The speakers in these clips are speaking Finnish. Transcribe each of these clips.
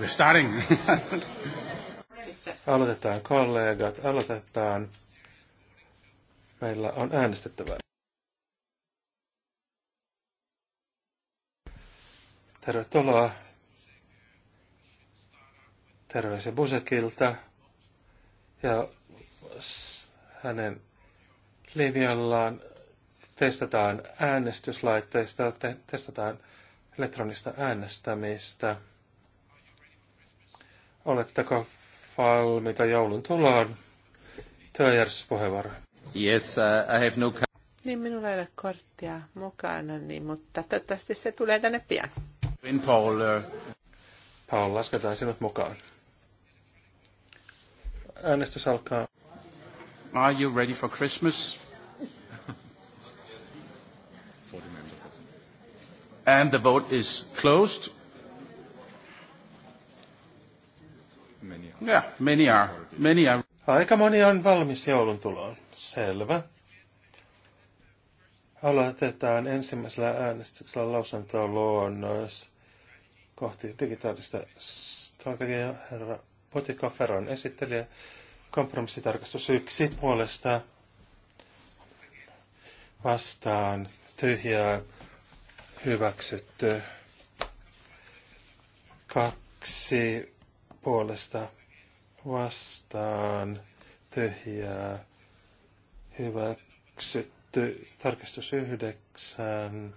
We're starting. aloitetaan kollegat, aloitetaan. Meillä on äänestettävä. Tervetuloa. Terveisiä Busekilta ja hänen linjallaan testataan äänestyslaitteista, te- testataan elektronista äänestämistä. Oletteko valmiita joulun tuloon? Työjärjestyspuheenvuoro. Yes, uh, I have no... Niin, minulla ei ole korttia mukana, niin, mutta toivottavasti se tulee tänne pian. In Paul. Uh, Paul, lasketaan sinut mukaan. Äänestys alkaa. Are you ready for Christmas? And the vote is closed. Yeah, many are. Many are. Aika moni on valmis joulun tuloon. Selvä. Aloitetaan ensimmäisellä äänestyksellä luonnos kohti digitaalista strategiaa. Herra Potikofer on esittelijä. Kompromissitarkastus yksi puolesta vastaan tyhjää hyväksytty. Kaksi puolesta vastaan tyhjää hyväksytty tarkistus yhdeksän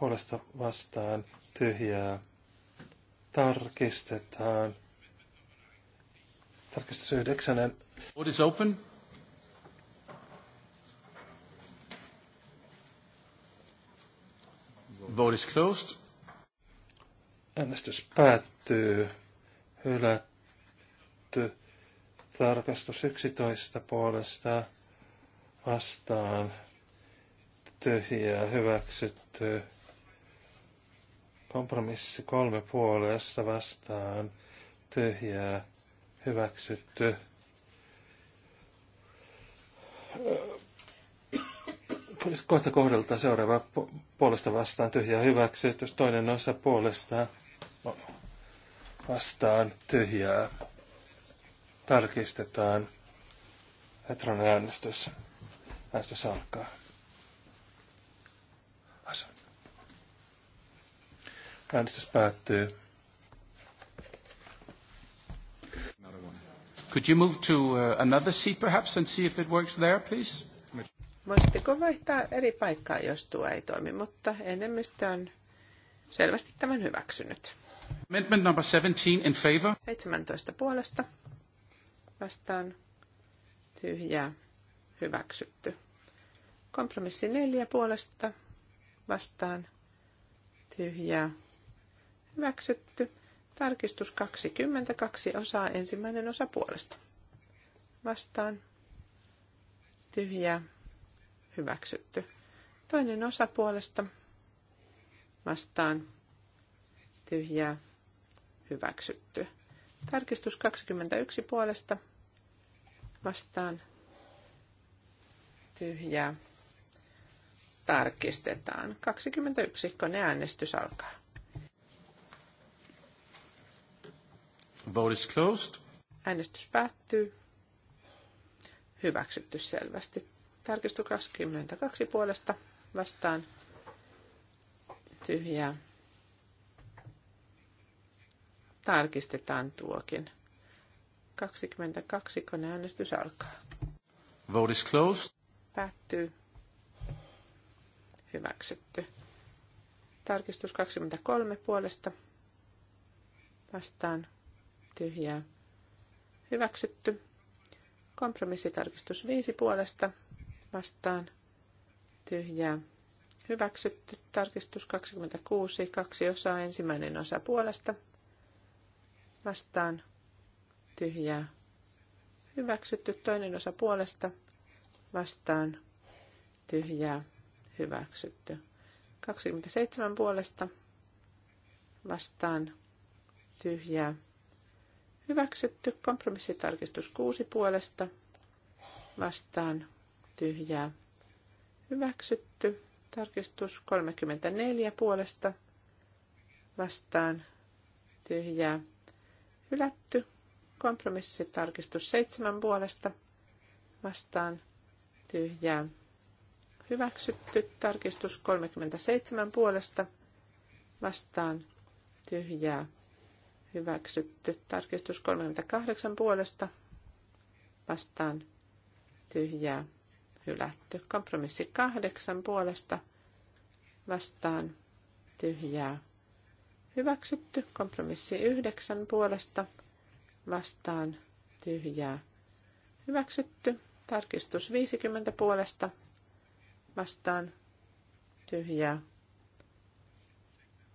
puolesta vastaan tyhjää tarkistetaan tarkistus yhdeksänen What is open? Vote is closed. Äänestys päättyy. Hylät hylätty. Tarkastus 11 puolesta vastaan tyhjää hyväksytty. Kompromissi kolme puolesta vastaan tyhjää hyväksytty. Kohta kohdalta seuraava puolesta vastaan tyhjää hyväksytty, toinen osa puolesta vastaan tyhjää tarkistetaan Etron äänestys. näistä alkaa. Äänestys päättyy. Could you move to uh, another seat perhaps and see if it works there, please? Voisitteko vaihtaa eri paikkaa, jos tuo ei toimi, mutta enemmistö on selvästi tämän hyväksynyt. Amendment number 17 in favor. 17 puolesta vastaan tyhjää hyväksytty. Kompromissi neljä puolesta vastaan tyhjää hyväksytty. Tarkistus 22 osaa ensimmäinen osa puolesta. Vastaan tyhjää hyväksytty. Toinen osa puolesta vastaan tyhjää hyväksytty. Tarkistus 21 puolesta vastaan tyhjää. Tarkistetaan. 21. äänestys alkaa. Vote is closed. Äänestys päättyy. Hyväksytty selvästi. Tarkistu 22 puolesta vastaan tyhjää. Tarkistetaan tuokin kun äänestys alkaa. Vote is closed. Päättyy. Hyväksytty. Tarkistus 23 puolesta. Vastaan. Tyhjää. Hyväksytty. Kompromissitarkistus 5 puolesta. Vastaan. Tyhjää. Hyväksytty. Tarkistus 26. Kaksi osaa. Ensimmäinen osa puolesta. Vastaan tyhjää hyväksytty. Toinen osa puolesta vastaan tyhjää hyväksytty. 27 puolesta vastaan tyhjää hyväksytty. Kompromissitarkistus 6 puolesta vastaan tyhjää hyväksytty. Tarkistus 34 puolesta vastaan tyhjää hylätty. Kompromissitarkistus seitsemän puolesta vastaan tyhjää. Hyväksytty tarkistus 37 puolesta vastaan tyhjää. Hyväksytty tarkistus 38 puolesta vastaan tyhjää. Hylätty kompromissi kahdeksan puolesta vastaan tyhjää. Hyväksytty kompromissi yhdeksän puolesta vastaan, vastaan tyhjää. Hyväksytty. Tarkistus 50 puolesta vastaan tyhjää.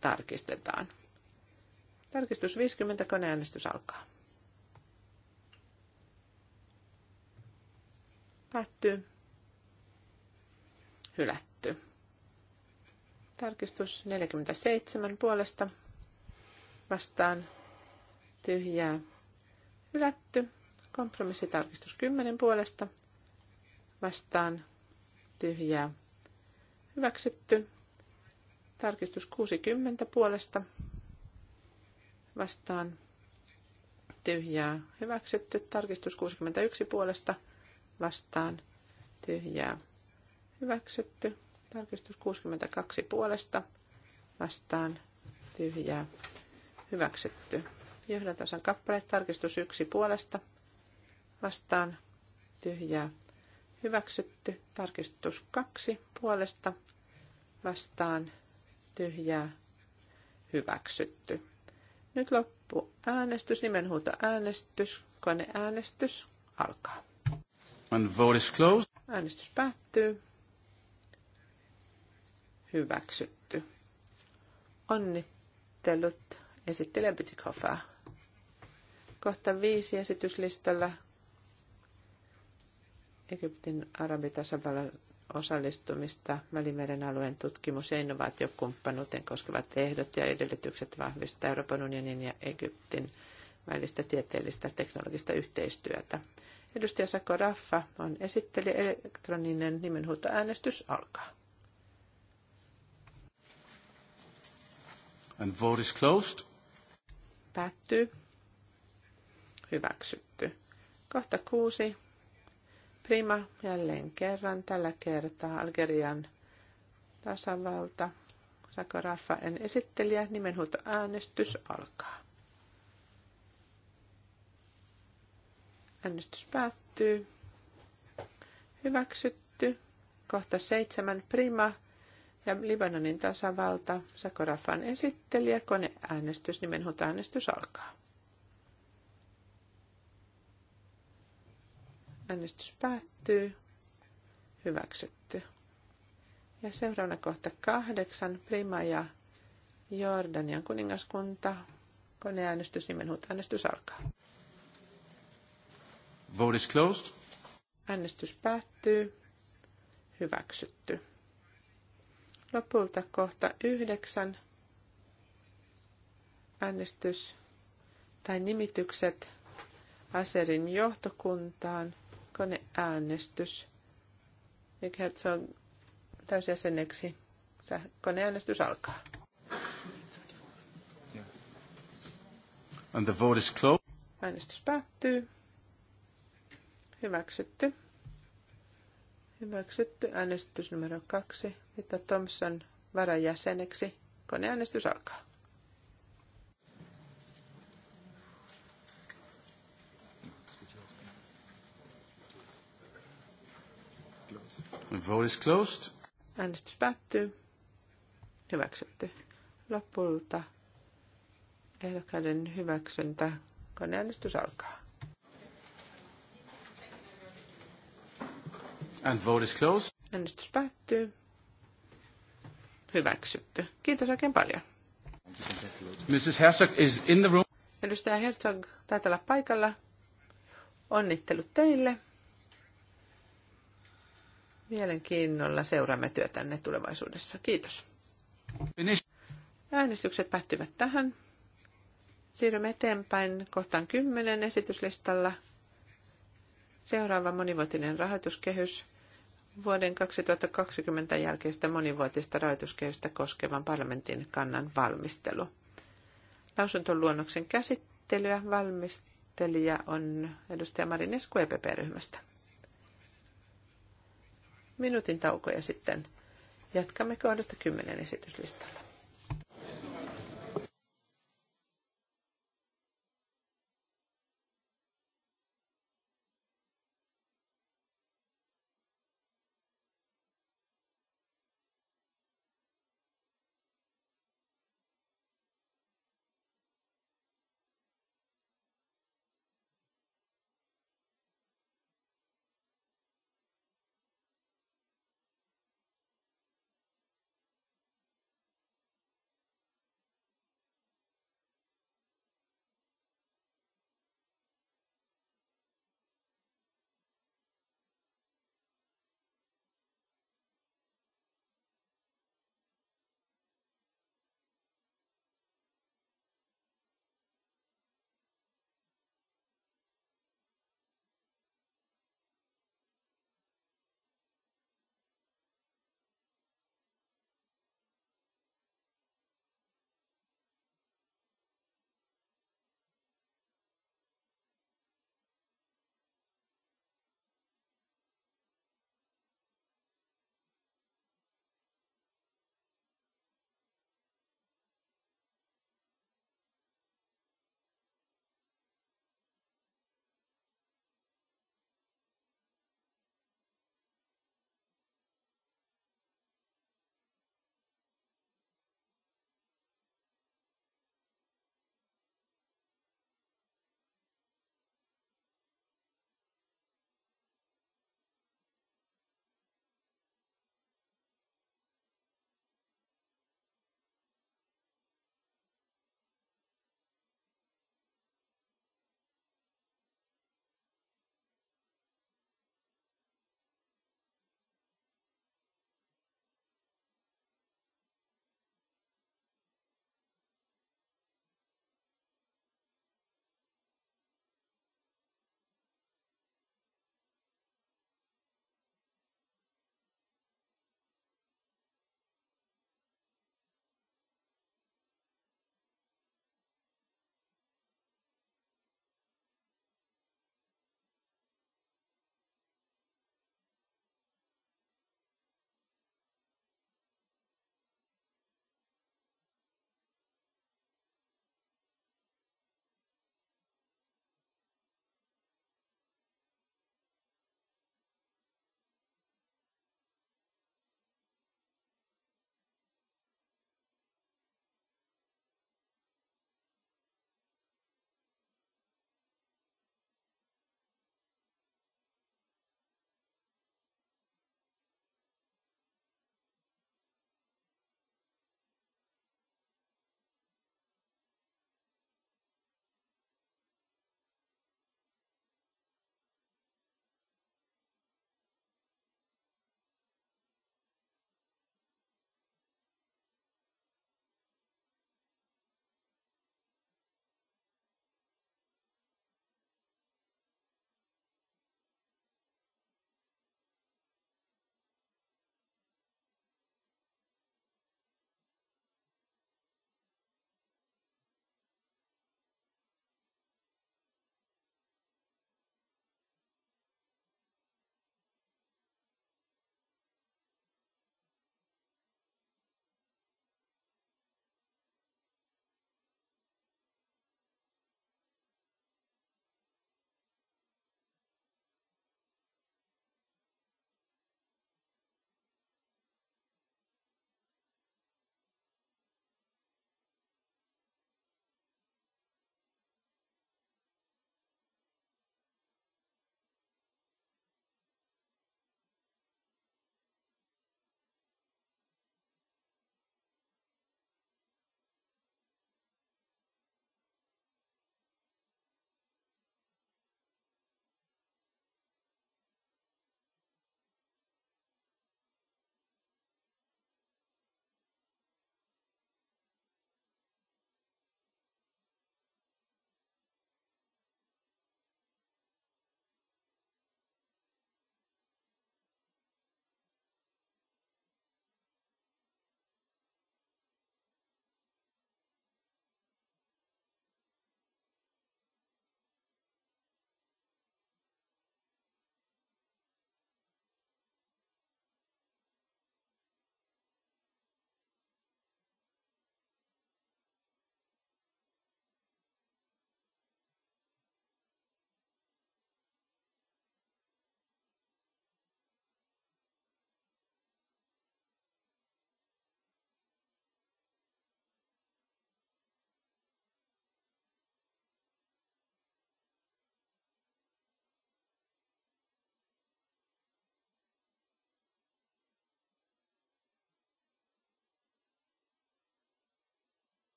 Tarkistetaan. Tarkistus 50, koneäänestys alkaa. Päättyy. Hylätty. Tarkistus 47 puolesta vastaan tyhjää Hylätty. Kompromissitarkistus 10 puolesta. Vastaan. Tyhjää. Hyväksytty. Tarkistus 60 puolesta. Vastaan. Tyhjää. Hyväksytty. Tarkistus 61 puolesta. Vastaan. Tyhjää. Hyväksytty. Tarkistus 62 puolesta. Vastaan. Tyhjää. Hyväksytty tasan kappale, tarkistus yksi puolesta. Vastaan tyhjää. Hyväksytty. Tarkistus kaksi puolesta. Vastaan tyhjää. Hyväksytty. Nyt loppu äänestys, nimenhuuto äänestys, koneäänestys alkaa. And vote is closed. Äänestys päättyy. Hyväksytty. Onnittelut esittelijä Bytikofaa. Kohta viisi esityslistalla Egyptin arabitasavallan osallistumista Välimeren alueen tutkimus- ja innovaatiokumppanuuteen koskevat ehdot ja edellytykset vahvistaa Euroopan unionin ja Egyptin välistä tieteellistä teknologista yhteistyötä. Edustaja Sako Raffa on esitteli elektroninen nimenhuutoäänestys alkaa. And vote is closed. Päättyy. Hyväksytty. Kohta kuusi. Prima jälleen kerran, tällä kertaa Algerian tasavalta. Raffa en esittelijä, nimenhuuto äänestys alkaa. Äänestys päättyy. Hyväksytty. Kohta seitsemän Prima ja Libanonin tasavalta. Sakorafan esittelijä, koneäänestys, nimenhuuto äänestys alkaa. Äänestys päättyy. Hyväksytty. Ja seuraavana kohta kahdeksan. Prima ja Jordanian kuningaskunta. Koneäänestys, äänestys alkaa. Vote is closed. Äänestys päättyy. Hyväksytty. Lopulta kohta yhdeksän. Äänestys tai nimitykset Aserin johtokuntaan – koneäänestys. Nick Herzog täysjäseneksi. Koneäänestys alkaa. And the vote is closed. Äänestys päättyy. Hyväksytty. Hyväksytty. Äänestys numero kaksi. Mitä Thompson varajäseneksi. Koneäänestys alkaa. vote is closed. Äänestys päättyy. Hyväksytty. Lopulta ehdokkaiden hyväksyntä. Koneäänestys alkaa. And vote is closed. Äänestys päättyy. Hyväksytty. Kiitos oikein paljon. Mrs. Herzog is in the room. Edustaja Herzog taitaa olla paikalla. Onnittelut teille. Mielenkiinnolla seuraamme työtänne tulevaisuudessa. Kiitos. Äänestykset päättyvät tähän. Siirrymme eteenpäin kohtaan 10 esityslistalla. Seuraava monivuotinen rahoituskehys vuoden 2020 jälkeistä monivuotista rahoituskehystä koskevan parlamentin kannan valmistelu. Lausuntoluonnoksen käsittelyä valmistelija on edustaja Marin Esku EPP-ryhmästä minuutin tauko ja sitten jatkamme kohdasta 10 esityslistalla.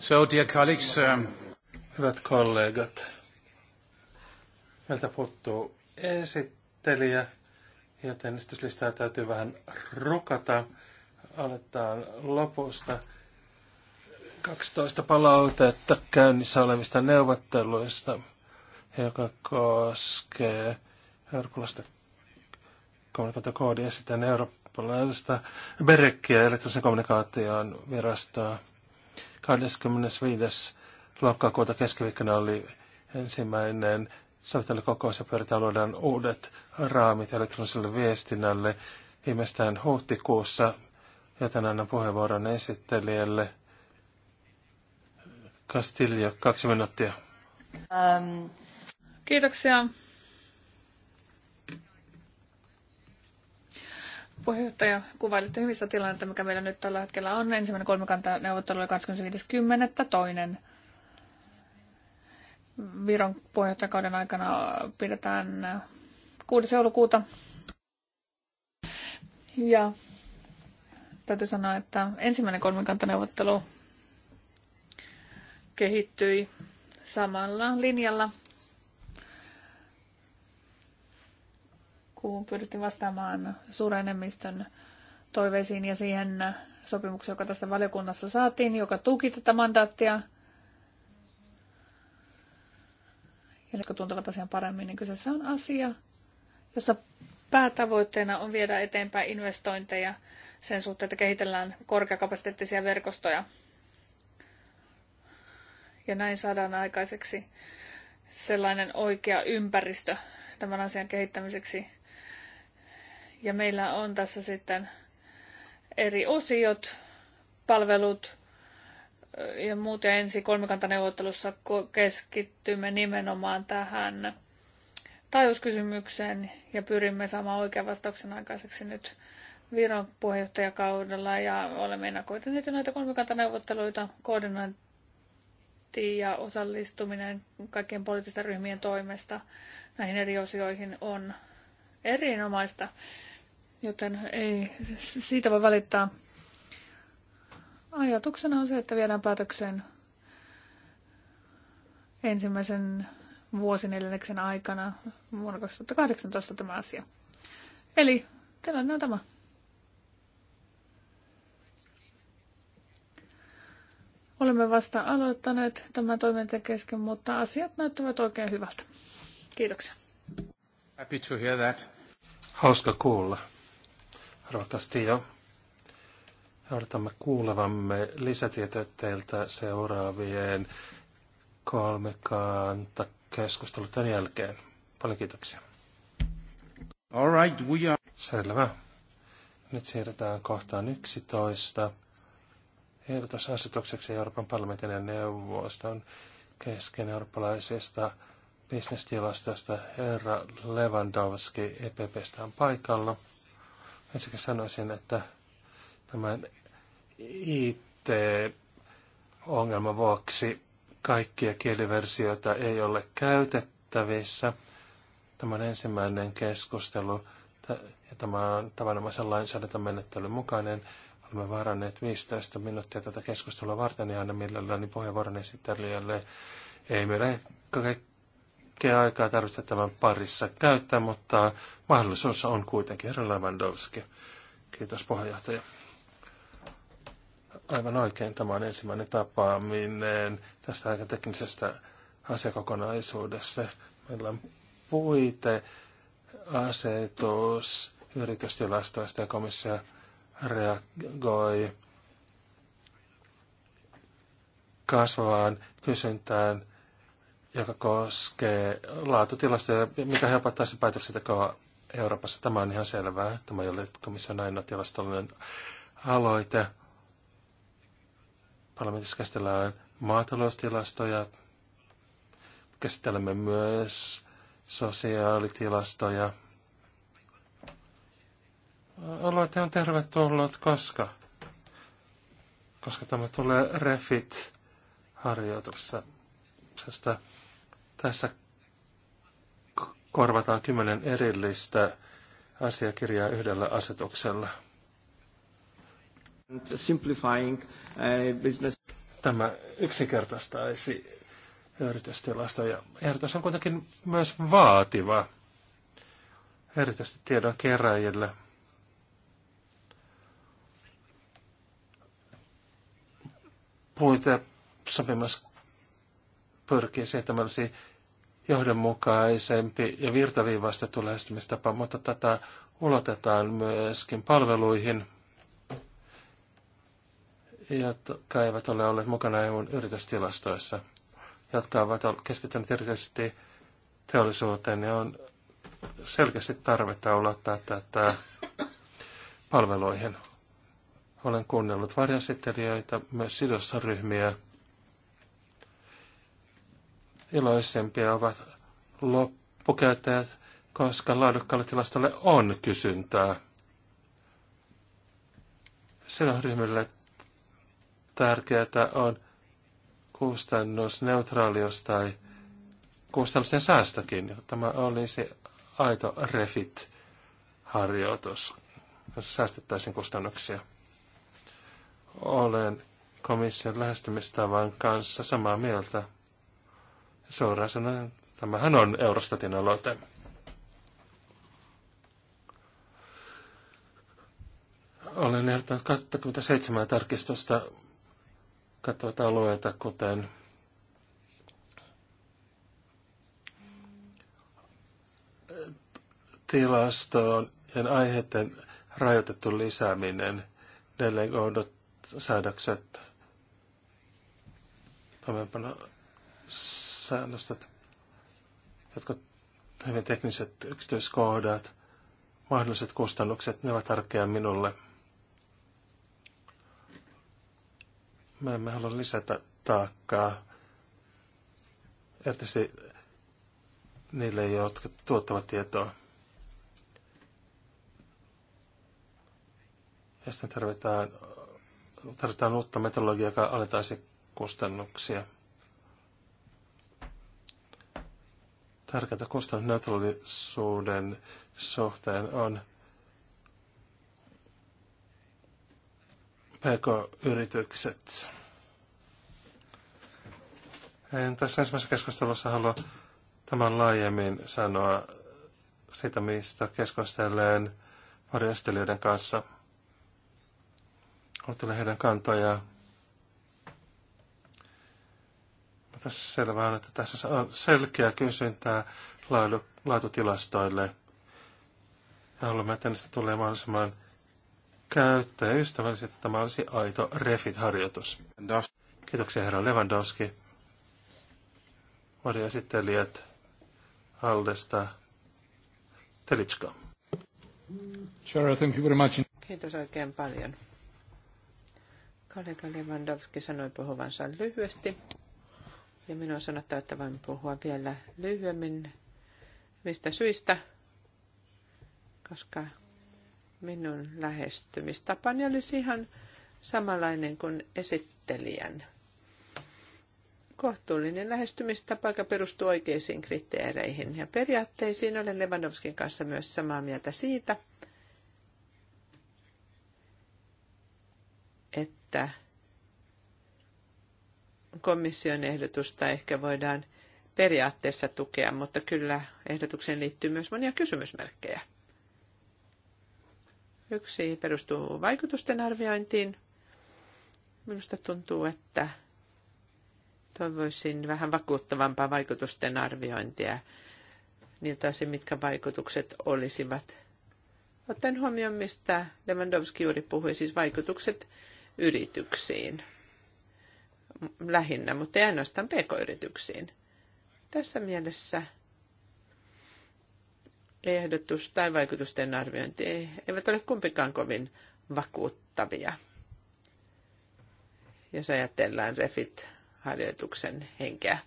So, dear colleagues, um... Hyvät kollegat, meiltä puuttuu esittelijä, joten esityslistaa täytyy vähän rukata. Aletaan lopusta. 12 palautetta käynnissä olevista neuvotteluista, joka koskee eurooppalaista kommunikaatiokoodi sitten eurooppalaista Berekkiä, elektronisen kommunikaation virastoa. 25. lokakuuta keskiviikkona oli ensimmäinen sovittelukokous ja pyöritään luodaan uudet raamit elektroniselle viestinnälle viimeistään huhtikuussa, joten annan puheenvuoron esittelijälle. Castillo, kaksi minuuttia. Um. Kiitoksia puheenjohtaja, kuvailitte hyvistä tilannetta, mikä meillä nyt tällä hetkellä on. Ensimmäinen kolmikanta neuvottelu oli 25.10. Toinen Viron puheenjohtajakauden aikana pidetään 6. joulukuuta. Ja täytyy sanoa, että ensimmäinen kolmikantaneuvottelu kehittyi samalla linjalla kun pyrittiin vastaamaan suuren enemmistön toiveisiin ja siihen sopimukseen, joka tässä valiokunnassa saatiin, joka tuki tätä mandaattia. Ja jotka tuntevat asian paremmin, niin kyseessä on asia, jossa päätavoitteena on viedä eteenpäin investointeja sen suhteen, että kehitellään korkeakapasiteettisia verkostoja. Ja näin saadaan aikaiseksi sellainen oikea ympäristö tämän asian kehittämiseksi ja meillä on tässä sitten eri osiot, palvelut ja muut. Ja ensi kolmikantaneuvottelussa keskittymme nimenomaan tähän taajuuskysymykseen ja pyrimme saamaan oikean vastauksen aikaiseksi nyt Viron puheenjohtajakaudella ja olemme ennakoitaneet jo näitä kolmikantaneuvotteluita, koordinointi ja osallistuminen kaikkien poliittisten ryhmien toimesta näihin eri osioihin on erinomaista joten ei siitä voi valittaa. Ajatuksena on se, että viedään päätökseen ensimmäisen vuosineljänneksen aikana vuonna 2018 tämä asia. Eli tilanne on tämä. Olemme vasta aloittaneet tämän toiminnan kesken, mutta asiat näyttävät oikein hyvältä. Kiitoksia. Happy to hear that. Hauska kuulla. Rokasti jo. Odotamme kuulevamme lisätietoja teiltä seuraavien kolmekanta keskusteluiden jälkeen. Paljon kiitoksia. All right, we are... Selvä. Nyt siirrytään kohtaan 11. Ehdotus asetukseksi Euroopan parlamentin ja neuvoston kesken eurooppalaisesta bisnestilastosta herra Lewandowski EPPstä on paikalla. Ensinnäkin sanoisin, että tämän IT-ongelman vuoksi kaikkia kieliversioita ei ole käytettävissä. Tämä on ensimmäinen keskustelu ja tämä on tavanomaisen lainsäädäntömenettelyn mukainen. Olemme varanneet 15 minuuttia tätä keskustelua varten ja aina mielelläni puheenvuoron esittelijälle. Ei meillä kaikkea aikaa tarvitse tämän parissa käyttää, mutta mahdollisuus on kuitenkin. Herra Lewandowski. Kiitos puheenjohtaja. Aivan oikein. Tämä on ensimmäinen tapaaminen tästä aika teknisestä asiakokonaisuudesta. Meillä on puite, asetus, yritystilastoista ja komissio reagoi kasvavaan kysyntään – joka koskee laatutilastoja, mikä se päätöksentekoa Euroopassa. Tämä on ihan selvää. Tämä ei ole komission ainoa tilastollinen aloite. Parlamentissa käsitellään maataloustilastoja. Käsittelemme myös sosiaalitilastoja. Aloite on tervetullut, koska, koska tämä tulee refit harjoituksesta tässä korvataan kymmenen erillistä asiakirjaa yhdellä asetuksella. Simplifying uh, business. Tämä yksinkertaistaisi yritystilasta ja ehdotus on kuitenkin myös vaativa erityisesti tiedon keräjille. Puite sopimus pyrkii siirtämällisiin johdonmukaisempi ja virtaviivaistettu lähestymistapa, mutta tätä ulotetaan myöskin palveluihin, jotka eivät ole olleet mukana EUn yritystilastoissa, jotka ovat keskittyneet erityisesti teollisuuteen, niin on selkeästi tarvetta ulottaa tätä palveluihin. Olen kuunnellut varjasittelijöitä, myös sidosryhmiä, iloisempia ovat loppukäyttäjät, koska laadukkaalle tilastolle on kysyntää. Sen ryhmille tärkeää on kustannusneutraalius tai kustannusten säästökin. Tämä olisi aito refit-harjoitus, jossa säästettäisiin kustannuksia. Olen komission lähestymistavan kanssa samaa mieltä. Suoraan sanoen, tämähän on Eurostatin aloite. Olen ehdottanut 27 tarkistusta katsovat alueita, kuten tilastojen aiheiden rajoitettu lisääminen, delegoidut säädökset, toimeenpano säännöstöt, jotka hyvin tekniset yksityiskohdat, mahdolliset kustannukset, ne ovat tärkeää minulle. Mä emme halua lisätä taakkaa. Erityisesti niille, jotka tuottavat tietoa. Ja sitten tarvitaan, tarvitaan uutta metodologiaa, joka alentaisi kustannuksia. tärkeintä kustannusneutraalisuuden suhteen on PK-yritykset. En tässä ensimmäisessä keskustelussa halua tämän laajemmin sanoa sitä, mistä keskustelen varjostelijoiden kanssa. Ottelen heidän kantojaan. Tässä selvää on, että tässä on selkeä kysyntää laatutilastoille. Ja haluamme, että niistä tulee mahdollisimman käyttäjäystävällisesti, että tämä olisi aito refit-harjoitus. Kiitoksia herra Lewandowski. Mari esittelijät Aldesta Telitska. thank you very much. Kiitos oikein paljon. Kollega Lewandowski sanoi puhuvansa lyhyesti. Ja minun on sanottu, että voin puhua vielä lyhyemmin mistä syistä, koska minun lähestymistapani olisi ihan samanlainen kuin esittelijän. Kohtuullinen lähestymistapa, joka perustuu oikeisiin kriteereihin ja periaatteisiin, olen Lewandowskin kanssa myös samaa mieltä siitä, että komission ehdotusta ehkä voidaan periaatteessa tukea, mutta kyllä ehdotukseen liittyy myös monia kysymysmerkkejä. Yksi perustuu vaikutusten arviointiin. Minusta tuntuu, että toivoisin vähän vakuuttavampaa vaikutusten arviointia niiltä osin, mitkä vaikutukset olisivat. Ottaen huomioon, mistä Lewandowski juuri puhui, siis vaikutukset yrityksiin lähinnä, mutta ei ainoastaan pk-yrityksiin. Tässä mielessä ehdotus tai vaikutusten arviointi eivät ole kumpikaan kovin vakuuttavia. Jos ajatellaan Refit-harjoituksen henkeä.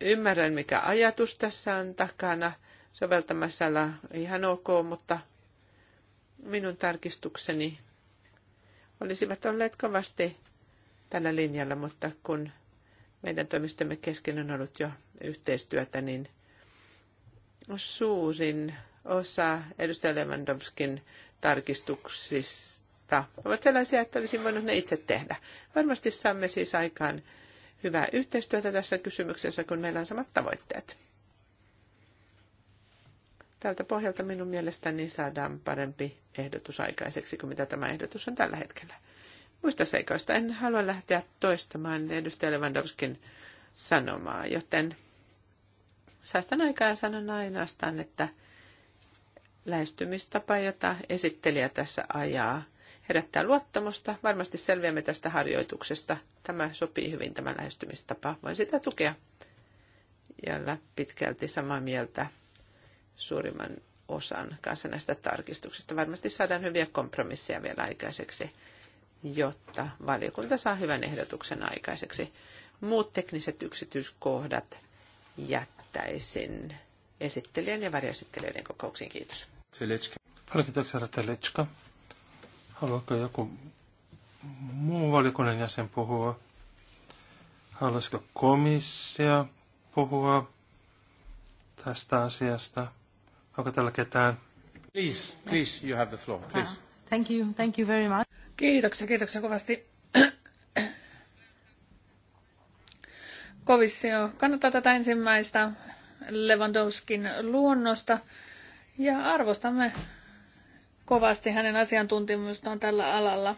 Ymmärrän, mikä ajatus tässä on takana. Soveltamasalla ihan ok, mutta minun tarkistukseni olisivat olleet kovasti tällä linjalla, mutta kun meidän toimistemme kesken on ollut jo yhteistyötä, niin suurin osa edustaja Lewandowskin tarkistuksista ovat sellaisia, että olisin voinut ne itse tehdä. Varmasti saamme siis aikaan hyvää yhteistyötä tässä kysymyksessä, kun meillä on samat tavoitteet. Tältä pohjalta minun mielestäni saadaan parempi ehdotus aikaiseksi kuin mitä tämä ehdotus on tällä hetkellä muista seikoista. En halua lähteä toistamaan edustaja Lewandowskin sanomaa, joten säästän aikaa ja sanon ainoastaan, että lähestymistapa, jota esittelijä tässä ajaa, herättää luottamusta. Varmasti selviämme tästä harjoituksesta. Tämä sopii hyvin tämä lähestymistapa. Voin sitä tukea ja pitkälti samaa mieltä suurimman osan kanssa näistä tarkistuksista. Varmasti saadaan hyviä kompromisseja vielä aikaiseksi jotta valiokunta saa hyvän ehdotuksen aikaiseksi. Muut tekniset yksityiskohdat jättäisin esittelijän ja varjoesittelijöiden kokouksiin. Kiitos. Paljon kiitoksia, Ratelitska. joku muu valiokunnan jäsen puhua? Haluaisiko komissio puhua tästä asiasta? Onko tällä ketään? Please, please, you have the floor, please. Ah, thank you, thank you very much. Kiitoksia, kiitoksia kovasti. Kovissio kannattaa tätä ensimmäistä Lewandowskin luonnosta ja arvostamme kovasti hänen asiantuntemustaan tällä alalla.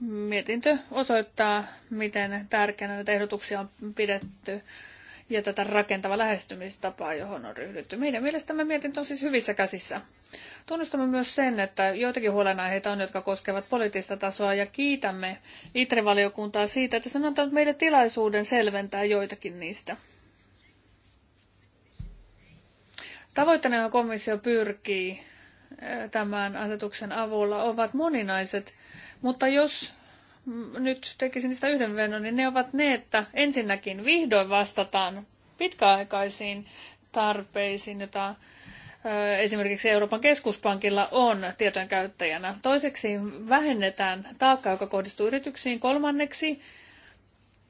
Mietintö osoittaa, miten tärkeänä näitä ehdotuksia on pidetty ja tätä rakentava lähestymistapaa, johon on ryhdytty. Meidän mielestämme mietintö on siis hyvissä käsissä. Tunnustamme myös sen, että joitakin huolenaiheita on, jotka koskevat poliittista tasoa, ja kiitämme ITRE-valiokuntaa siitä, että se on antanut meille tilaisuuden selventää joitakin niistä. Tavoitteena komissio pyrkii eh, tämän asetuksen avulla ovat moninaiset, mutta jos Mm, nyt tekisin sitä yhden vennon, niin ne ovat ne, että ensinnäkin vihdoin vastataan pitkäaikaisiin tarpeisiin, joita esimerkiksi Euroopan keskuspankilla on tietojen käyttäjänä. Toiseksi vähennetään taakka, joka kohdistuu yrityksiin. Kolmanneksi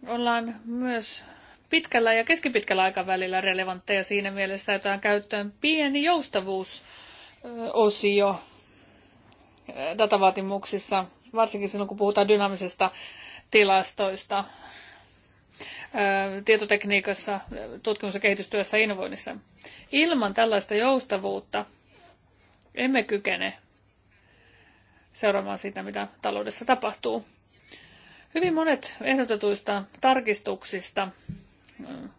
ollaan myös pitkällä ja keskipitkällä aikavälillä relevantteja siinä mielessä, että on käyttöön pieni joustavuusosio datavaatimuksissa varsinkin silloin kun puhutaan dynaamisista tilastoista tietotekniikassa, tutkimus- ja kehitystyössä ja innovoinnissa. Ilman tällaista joustavuutta emme kykene seuraamaan sitä, mitä taloudessa tapahtuu. Hyvin monet ehdotetuista tarkistuksista,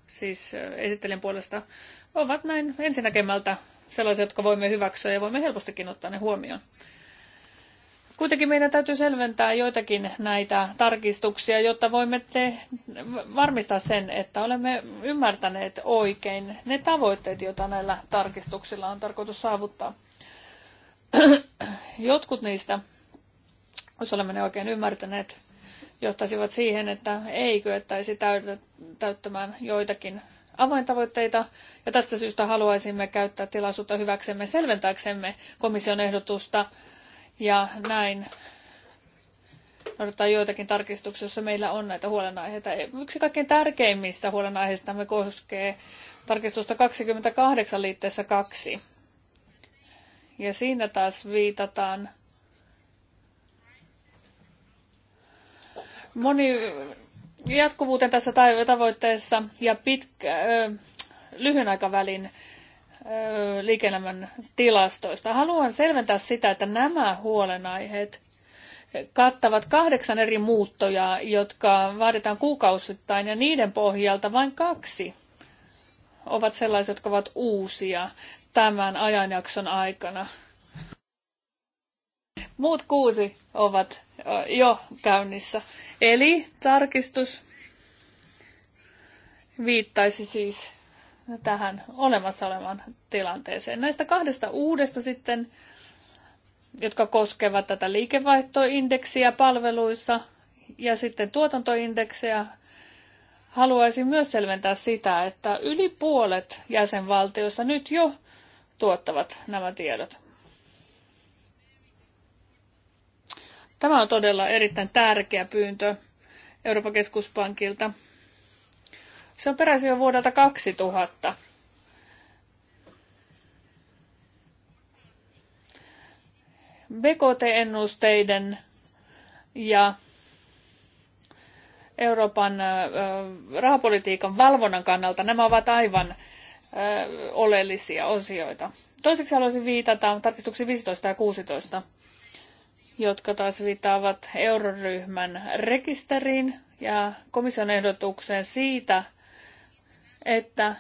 siis esittelijän puolesta, ovat näin ensinäkemältä sellaisia, jotka voimme hyväksyä ja voimme helpostikin ottaa ne huomioon. Kuitenkin meidän täytyy selventää joitakin näitä tarkistuksia, jotta voimme te- varmistaa sen, että olemme ymmärtäneet oikein ne tavoitteet, joita näillä tarkistuksilla on tarkoitus saavuttaa. Jotkut niistä, jos olemme ne oikein ymmärtäneet, johtaisivat siihen, että ei kyettäisi täyttämään joitakin avaintavoitteita, ja tästä syystä haluaisimme käyttää tilaisuutta hyväksemme selventääksemme komission ehdotusta – ja näin Odotetaan joitakin tarkistuksia, joissa meillä on näitä huolenaiheita. Yksi kaikkein tärkeimmistä huolenaiheista me koskee tarkistusta 28 liitteessä 2. Ja siinä taas viitataan moni jatkuvuuteen tässä tavoitteessa ja pitkä, ö, lyhyen aikavälin liike-elämän tilastoista. Haluan selventää sitä, että nämä huolenaiheet kattavat kahdeksan eri muuttoja, jotka vaaditaan kuukausittain, ja niiden pohjalta vain kaksi ovat sellaiset, jotka ovat uusia tämän ajanjakson aikana. Muut kuusi ovat jo käynnissä. Eli tarkistus viittaisi siis tähän olemassa olevan tilanteeseen. Näistä kahdesta uudesta sitten, jotka koskevat tätä liikevaihtoindeksiä palveluissa ja sitten tuotantoindeksejä, haluaisin myös selventää sitä, että yli puolet jäsenvaltioista nyt jo tuottavat nämä tiedot. Tämä on todella erittäin tärkeä pyyntö Euroopan keskuspankilta. Se on peräisin jo vuodelta 2000. BKT-ennusteiden ja Euroopan rahapolitiikan valvonnan kannalta nämä ovat aivan oleellisia osioita. Toiseksi haluaisin viitata tarkistuksiin 15 ja 16, jotka taas viittaavat euroryhmän rekisteriin ja komission ehdotukseen siitä, että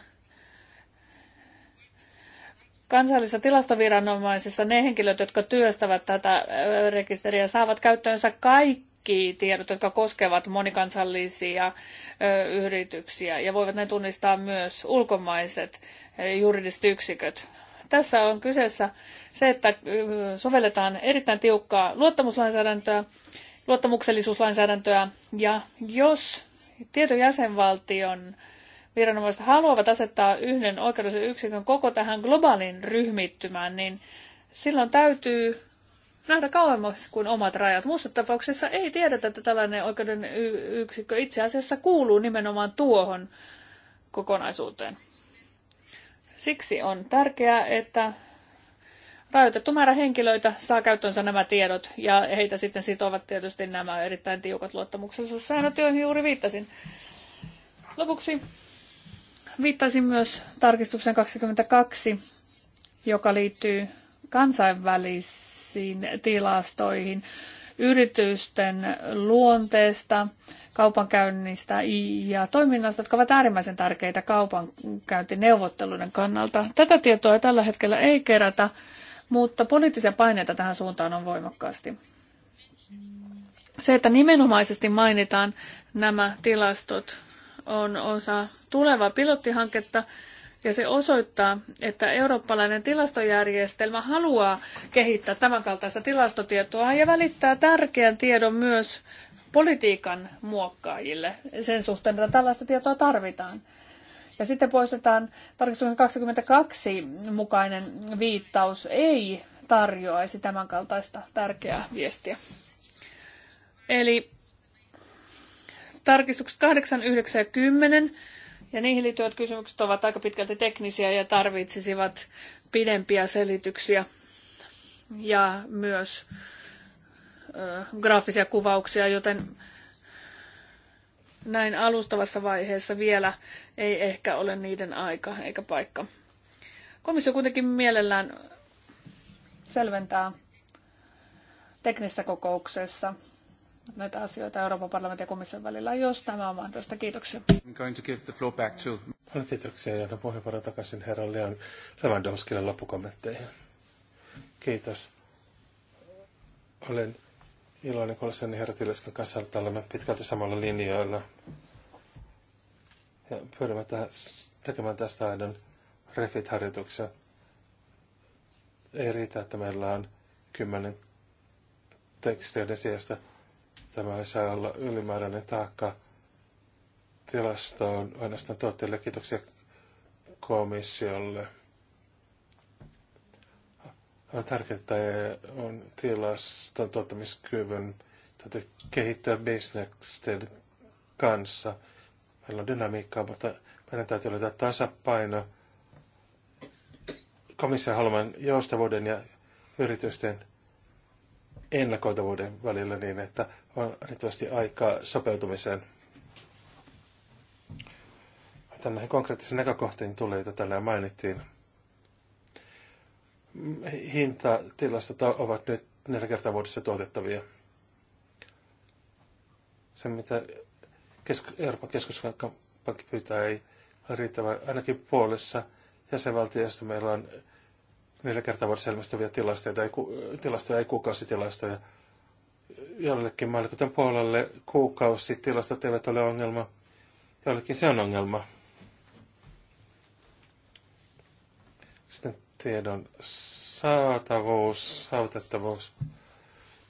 kansallisessa tilastoviranomaisessa ne henkilöt, jotka työstävät tätä rekisteriä, saavat käyttöönsä kaikki tiedot, jotka koskevat monikansallisia yrityksiä ja voivat ne tunnistaa myös ulkomaiset juridiset yksiköt. Tässä on kyseessä se, että sovelletaan erittäin tiukkaa luottamuslainsäädäntöä, luottamuksellisuuslainsäädäntöä ja jos tietojäsenvaltion jäsenvaltion viranomaiset haluavat asettaa yhden oikeudellisen yksikön koko tähän globaalin ryhmittymään, niin silloin täytyy nähdä kauemmaksi kuin omat rajat. Muussa tapauksessa ei tiedetä, että tällainen oikeuden yksikkö itse asiassa kuuluu nimenomaan tuohon kokonaisuuteen. Siksi on tärkeää, että rajoitettu määrä henkilöitä saa käyttöönsä nämä tiedot ja heitä sitten sitovat tietysti nämä erittäin tiukat luottamuksellisuussäännöt, joihin juuri viittasin. Lopuksi Viittaisin myös tarkistuksen 22, joka liittyy kansainvälisiin tilastoihin yritysten luonteesta, kaupankäynnistä ja toiminnasta, jotka ovat äärimmäisen tärkeitä kaupankäyntineuvotteluiden kannalta. Tätä tietoa ei tällä hetkellä ei kerätä, mutta poliittisia paineita tähän suuntaan on voimakkaasti. Se, että nimenomaisesti mainitaan nämä tilastot, on osa tulevaa pilottihanketta, ja se osoittaa, että eurooppalainen tilastojärjestelmä haluaa kehittää tämänkaltaista tilastotietoa ja välittää tärkeän tiedon myös politiikan muokkaajille sen suhteen, että tällaista tietoa tarvitaan. Ja sitten poistetaan tarkistuksen 22 mukainen viittaus ei tarjoaisi tämänkaltaista tärkeää viestiä. Eli tarkistukset 8, 9 ja 10 ja niihin liittyvät kysymykset ovat aika pitkälti teknisiä ja tarvitsisivat pidempiä selityksiä ja myös ö, graafisia kuvauksia, joten näin alustavassa vaiheessa vielä ei ehkä ole niiden aika eikä paikka. Komissio kuitenkin mielellään selventää teknisessä kokouksessa näitä asioita Euroopan parlamentin ja komission välillä, jos tämä on mahdollista. Kiitoksia. I'm going to give the floor back to... kiitoksia ja puheenvuoron takaisin herra Leon Lewandowskille loppukommentteihin. Kiitos. Olen iloinen kollegani herra Tileskan kanssa, että olemme pitkälti samalla linjoilla. Ja pyrimme tähän, tekemään tästä aidon refit-harjoituksen. Ei riitä, että meillä on kymmenen tekstiöiden sijasta Tämä ei saa olla ylimääräinen taakka tilastoon ainoastaan tuotteille. Kiitoksia komissiolle. On tärkeää, että on tilaston tuottamiskyvyn täytyy kehittää bisneksten kanssa. Meillä on dynamiikkaa, mutta meidän täytyy löytää tasapaino komission haluaman joustavuuden ja yritysten ennakoitavuuden välillä niin, että on riittävästi aikaa sopeutumiseen. Tämän näihin konkreettisiin näkökohtiin tulee, joita tällä mainittiin. Hintatilastot ovat nyt neljä kertaa vuodessa tuotettavia. Se, mitä kesku- Euroopan keskuspankki pyytää, ei riittävä. Ainakin puolessa jäsenvaltiosta meillä on neljä kertaa vuodessa ilmestyviä tilastoja, ei, tilastoja, ei kuukausitilastoja. Jollekin maille, kuten Puolalle, kuukausitilastot eivät ole ongelma. Jollekin se on ongelma. Sitten tiedon saatavuus, saavutettavuus.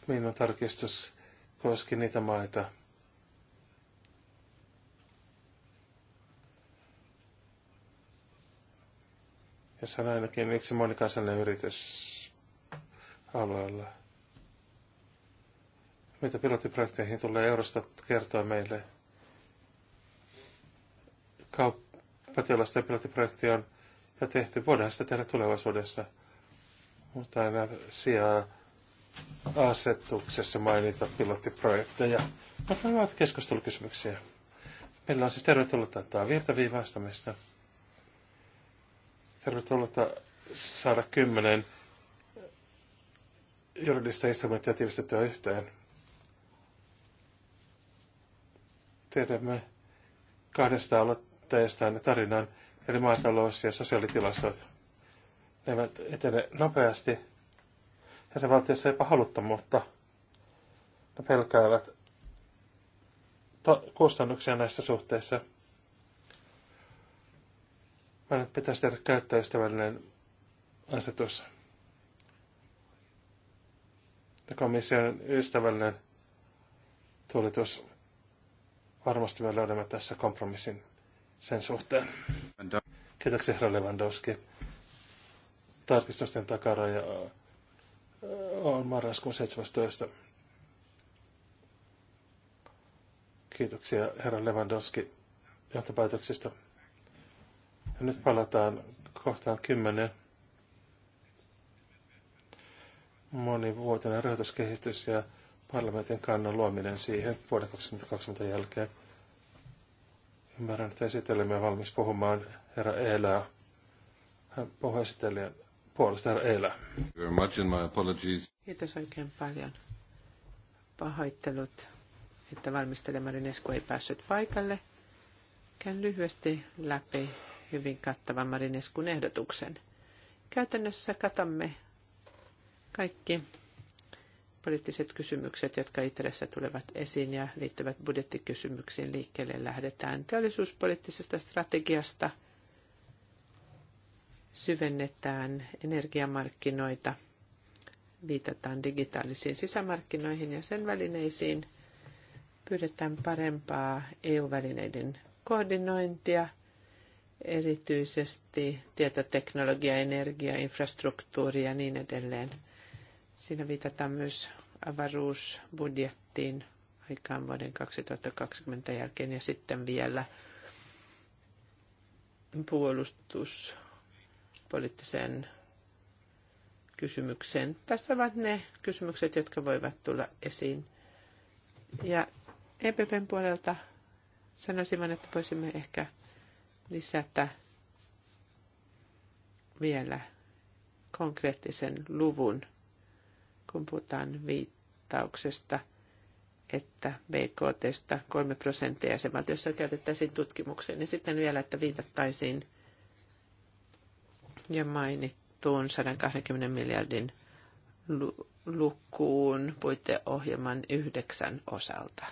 Minun tarkistus koski niitä maita, jossa on ainakin yksi monikansallinen yritys alueella. Mitä pilottiprojekteihin tulee, Eurosta kertoo meille. Kauppatilasta pilottiprojekti on jo tehty. Voidaan sitä tehdä tulevaisuudessa. Mutta aina sijaa asetuksessa mainita pilottiprojekteja. Mutta nämä ovat keskustelukysymyksiä. Meillä on siis tervetullut tätä virtaviivaistamista tervetullutta saada kymmenen juridista instrumenttia tiivistettyä yhteen. Tiedämme kahdesta aloitteestaan tarinan, eli maatalous- ja sosiaalitilastot ne eivät etene nopeasti. Jäsenvaltiossa eipä halutta, mutta ne pelkäävät kustannuksia näissä suhteissa. Meidän pitäisi tehdä käyttäjäystävällinen asetus. Ja komission ystävällinen tulitus. Varmasti me löydämme tässä kompromissin sen suhteen. Kiitoksia herra Lewandowski. Tarkistusten takaraja on marraskuun 17. Kiitoksia herra Lewandowski johtopäätöksistä. Ja nyt palataan kohtaan kymmenen. Monivuotinen rahoituskehitys ja parlamentin kannan luominen siihen vuoden 2020 jälkeen. Ymmärrän, että esittelemme on valmis puhumaan herra Eelää. Hän puhuu esittelijän puolesta herra Eelää. Kiitos oikein paljon. Pahoittelut, että valmistelemani Nesko ei päässyt paikalle. Käyn lyhyesti läpi hyvin kattavan Marineskun ehdotuksen. Käytännössä katamme kaikki poliittiset kysymykset, jotka Itressä tulevat esiin ja liittyvät budjettikysymyksiin liikkeelle lähdetään teollisuuspoliittisesta strategiasta, syvennetään energiamarkkinoita, viitataan digitaalisiin sisämarkkinoihin ja sen välineisiin, pyydetään parempaa EU-välineiden koordinointia, erityisesti tietoteknologia, energia, infrastruktuuri ja niin edelleen. Siinä viitataan myös avaruusbudjettiin aikaan vuoden 2020 jälkeen ja sitten vielä puolustuspoliittiseen kysymykseen. Tässä ovat ne kysymykset, jotka voivat tulla esiin. Ja EPPn puolelta sanoisin, että voisimme ehkä – lisätä vielä konkreettisen luvun, kun puhutaan viittauksesta, että BKTstä 3 prosenttia jäsenvaltiossa käytettäisiin tutkimukseen, niin sitten vielä, että viitattaisiin ja mainittuun 120 miljardin lukuun puitteohjelman yhdeksän osalta.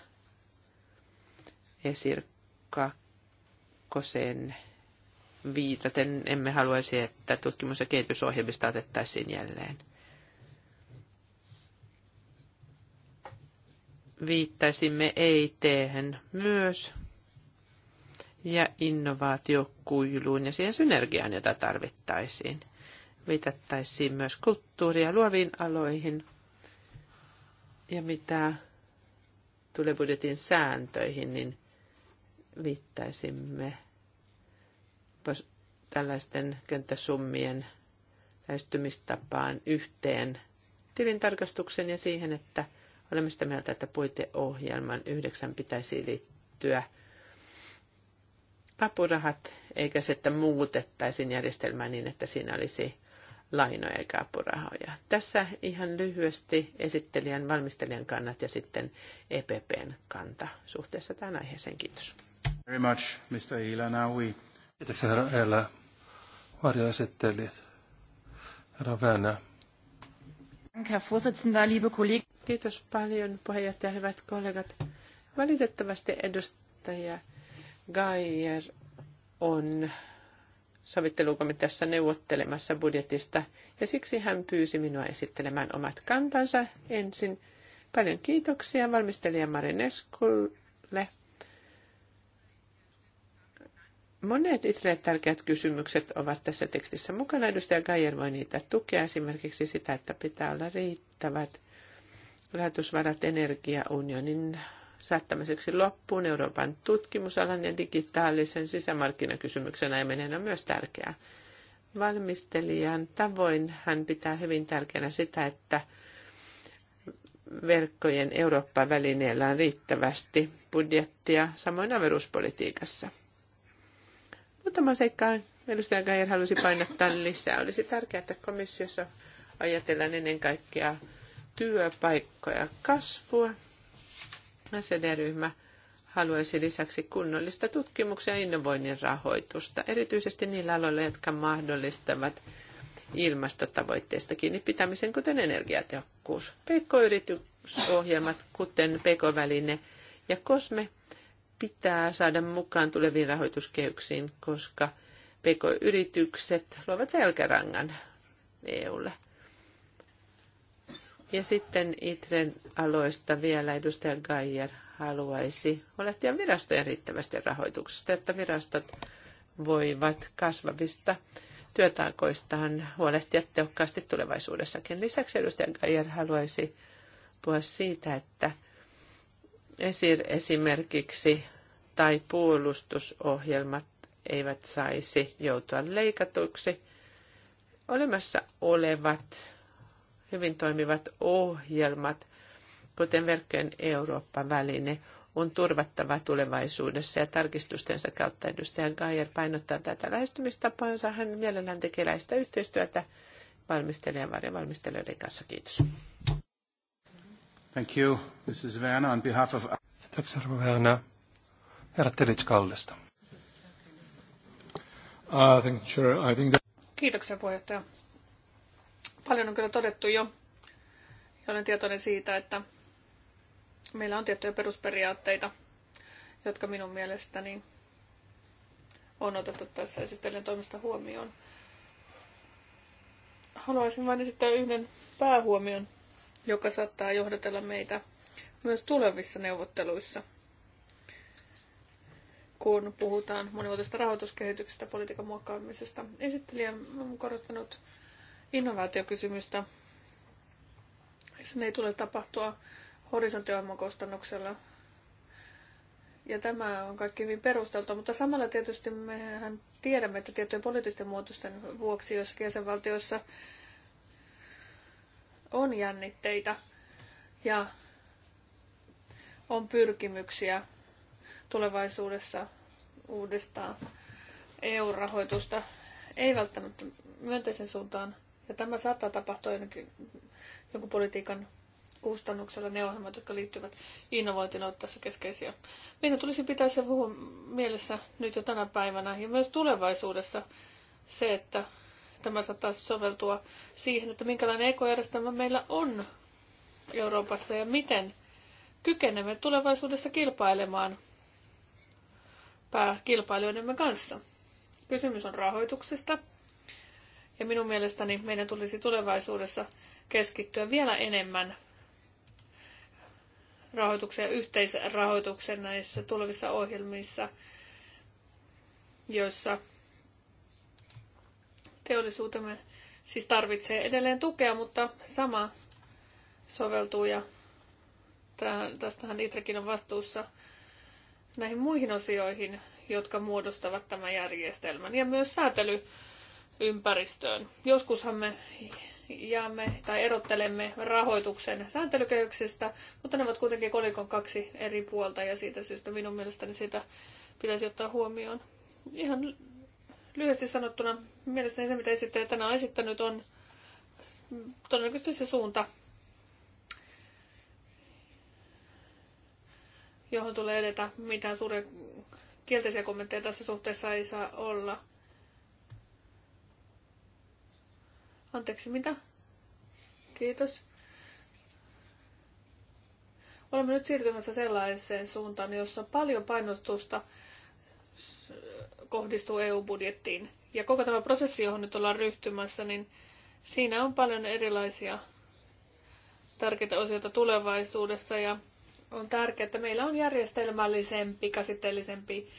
Esir 2 Kokoseen viitaten emme haluaisi, että tutkimus- ja kehitysohjelmista otettaisiin jälleen. Viittaisimme EIT myös ja innovaatiokuiluun ja siihen synergiaan, jota tarvittaisiin. Viitattaisiin myös kulttuuria luoviin aloihin ja mitä tulee budjetin sääntöihin, niin viittaisimme tällaisten könttäsummien lähestymistapaan yhteen tilintarkastuksen ja siihen, että olemme sitä mieltä, että puiteohjelman yhdeksän pitäisi liittyä apurahat, eikä se, että muutettaisiin järjestelmää niin, että siinä olisi lainoja eikä apurahoja. Tässä ihan lyhyesti esittelijän, valmistelijan kannat ja sitten EPPn kanta suhteessa tähän aiheeseen. Kiitos. Very much, Mr. Ila. Now we... Kiitoksia, herra Ela. Varjoesittelijät. Herra Väänä. Kiitos paljon, puheenjohtaja, hyvät kollegat. Valitettavasti edustaja Gaier on sovittelukomiteassa neuvottelemassa budjetista, ja siksi hän pyysi minua esittelemään omat kantansa ensin. Paljon kiitoksia valmistelija Marineskulle Monet itse tärkeät kysymykset ovat tässä tekstissä mukana. Edustaja Gajer voi niitä tukea, esimerkiksi sitä, että pitää olla riittävät rahoitusvarat energiaunionin saattamiseksi loppuun Euroopan tutkimusalan ja digitaalisen sisämarkkinakysymyksen ajaminen on myös tärkeää. Valmistelijan tavoin hän pitää hyvin tärkeänä sitä, että verkkojen Eurooppa-välineellä on riittävästi budjettia samoin avaruuspolitiikassa. Muutama seikka edustaja Gajer halusi painottaa lisää. Olisi tärkeää, että komissiossa ajatellaan ennen kaikkea työpaikkoja kasvua. SED-ryhmä haluaisi lisäksi kunnollista tutkimuksen ja innovoinnin rahoitusta, erityisesti niillä aloilla, jotka mahdollistavat ilmastotavoitteista kiinni pitämisen, kuten energiatehokkuus. PK-yritysohjelmat, kuten PK-väline ja COSME, pitää saada mukaan tuleviin rahoituskehyksiin, koska pk-yritykset luovat selkärangan EUlle. Ja sitten Itren aloista vielä edustaja Geier haluaisi huolehtia virastojen riittävästi rahoituksesta, että virastot voivat kasvavista työtaakoistaan huolehtia tehokkaasti tulevaisuudessakin. Lisäksi edustaja Geier haluaisi puhua siitä, että – Esir esimerkiksi tai puolustusohjelmat eivät saisi joutua leikatuksi. Olemassa olevat hyvin toimivat ohjelmat, kuten verkkojen Eurooppa-väline, on turvattava tulevaisuudessa ja tarkistustensa kautta edustaja Gaier painottaa tätä lähestymistapaansa. Hän mielellään tekee läheistä yhteistyötä valmistelijan varjovalmistelijoiden kanssa. Kiitos. Thank you, Mrs. Werner, on behalf of... Kiitoksia, Rova Werner. Herra Telitskallista. Uh, thank you, sure. I think that... Kiitoksia, puheenjohtaja. Paljon on kyllä todettu jo. Ja olen tietoinen siitä, että meillä on tiettyjä perusperiaatteita, jotka minun mielestäni on otettu tässä esittelijän toimesta huomioon. Haluaisin vain esittää yhden päähuomion joka saattaa johdatella meitä myös tulevissa neuvotteluissa, kun puhutaan monivuotoisesta rahoituskehityksestä ja politiikan muokkaamisesta. Esittelijä on korostanut innovaatiokysymystä. Sen ei tule tapahtua horisonttiohjelman kustannuksella. Ja tämä on kaikki hyvin perusteltu, mutta samalla tietysti mehän tiedämme, että tiettyjen poliittisten muutosten vuoksi joissakin jäsenvaltioissa on jännitteitä ja on pyrkimyksiä tulevaisuudessa uudestaan EU-rahoitusta, ei välttämättä myönteisen suuntaan. Ja tämä saattaa tapahtua jonkin, jonkun politiikan kustannuksella ne ohjelmat, jotka liittyvät innovointiin, ovat tässä keskeisiä. Meidän tulisi pitää se mielessä nyt jo tänä päivänä ja myös tulevaisuudessa se, että tämä saattaisi soveltua siihen, että minkälainen ekojärjestelmä meillä on Euroopassa ja miten kykenemme tulevaisuudessa kilpailemaan pääkilpailijoidemme kanssa. Kysymys on rahoituksesta. Ja minun mielestäni meidän tulisi tulevaisuudessa keskittyä vielä enemmän rahoituksen ja yhteisrahoituksen näissä tulevissa ohjelmissa, joissa Teollisuutemme siis tarvitsee edelleen tukea, mutta sama soveltuu ja tästähän Itrekin on vastuussa näihin muihin osioihin, jotka muodostavat tämän järjestelmän ja myös säätelyympäristöön. Joskushan me jaamme tai erottelemme rahoituksen sääntelykehyksestä, mutta ne ovat kuitenkin kolikon kaksi eri puolta ja siitä syystä minun mielestäni sitä pitäisi ottaa huomioon. Ihan Lyhyesti sanottuna, mielestäni se mitä esittäjä tänään on esittänyt on todennäköisesti se suunta, johon tulee edetä. Mitään suuria kielteisiä kommentteja tässä suhteessa ei saa olla. Anteeksi, mitä? Kiitos. Olemme nyt siirtymässä sellaiseen suuntaan, jossa paljon painostusta kohdistuu EU-budjettiin. Ja koko tämä prosessi, johon nyt ollaan ryhtymässä, niin siinä on paljon erilaisia tärkeitä osioita tulevaisuudessa ja on tärkeää, että meillä on järjestelmällisempi, käsitteellisempi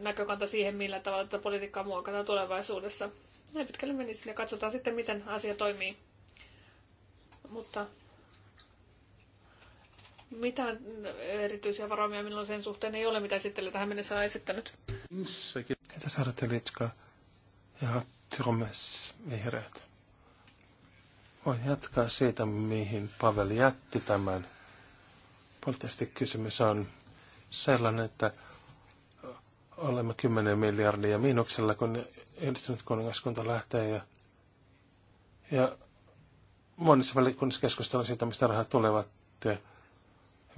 näkökanta siihen, millä tavalla tätä politiikkaa muokataan tulevaisuudessa. Näin pitkälle menisin ja katsotaan sitten, miten asia toimii. Mutta mitään erityisiä varoimia minulla sen suhteen ei ole, mitä esittelijä tähän mennessä on esittänyt. Ketä Sara Telitska ja Tromes Vihreät? Voin jatkaa siitä, mihin Pavel jätti tämän. Poliittisesti kysymys on sellainen, että olemme 10 miljardia miinuksella, kun yhdistynyt kuningaskunta lähtee ja, ja monissa välikunnissa keskustellaan siitä, mistä rahat tulevat. Ja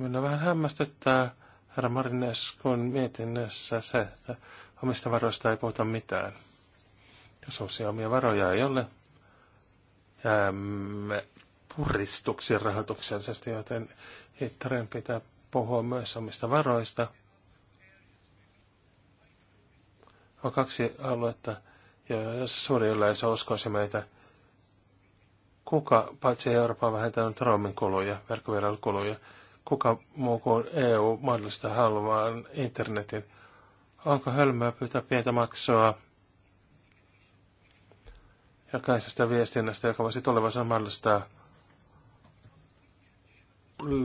minä vähän hämmästyttää herra Marineskon mietinnössä se, että omista varoista ei puhuta mitään. Jos uusia omia varoja ei ole, jäämme puristuksi rahoituksellisesti, joten Hittaren pitää puhua myös omista varoista. On kaksi aluetta, jos suuri yleisö uskoisi meitä. Kuka, paitsi Eurooppa, on vähentänyt Roomin kuluja, verkkovierailukuluja, kuluja kuka muu kuin EU mahdollista haluaa internetin. Onko hölmöä pyytää pientä maksua jokaisesta viestinnästä, joka voisi tulevaisuudessa mahdollistaa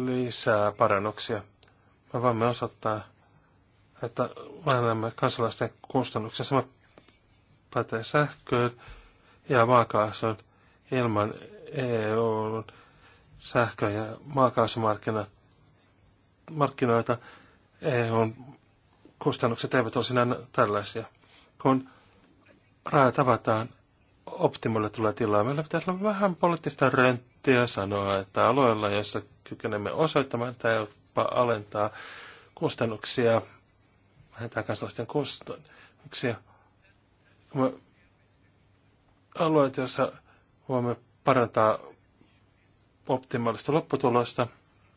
lisää parannuksia? Me voimme osoittaa, että vähennämme kansalaisten kustannuksia. Sama pätee sähköön ja maakaasun ilman eu sähkö- ja maakaasumarkkinat markkinoita, EUn kustannukset eivät ole sinä tällaisia. Kun rajat avataan, optimoille tulee tilaa. Meillä pitäisi olla vähän poliittista rönttiä sanoa, että aloilla, jossa kykenemme osoittamaan tai jopa alentaa kustannuksia, vähentää kansalaisten kustannuksia. Me alueet, joissa voimme parantaa optimaalista lopputulosta,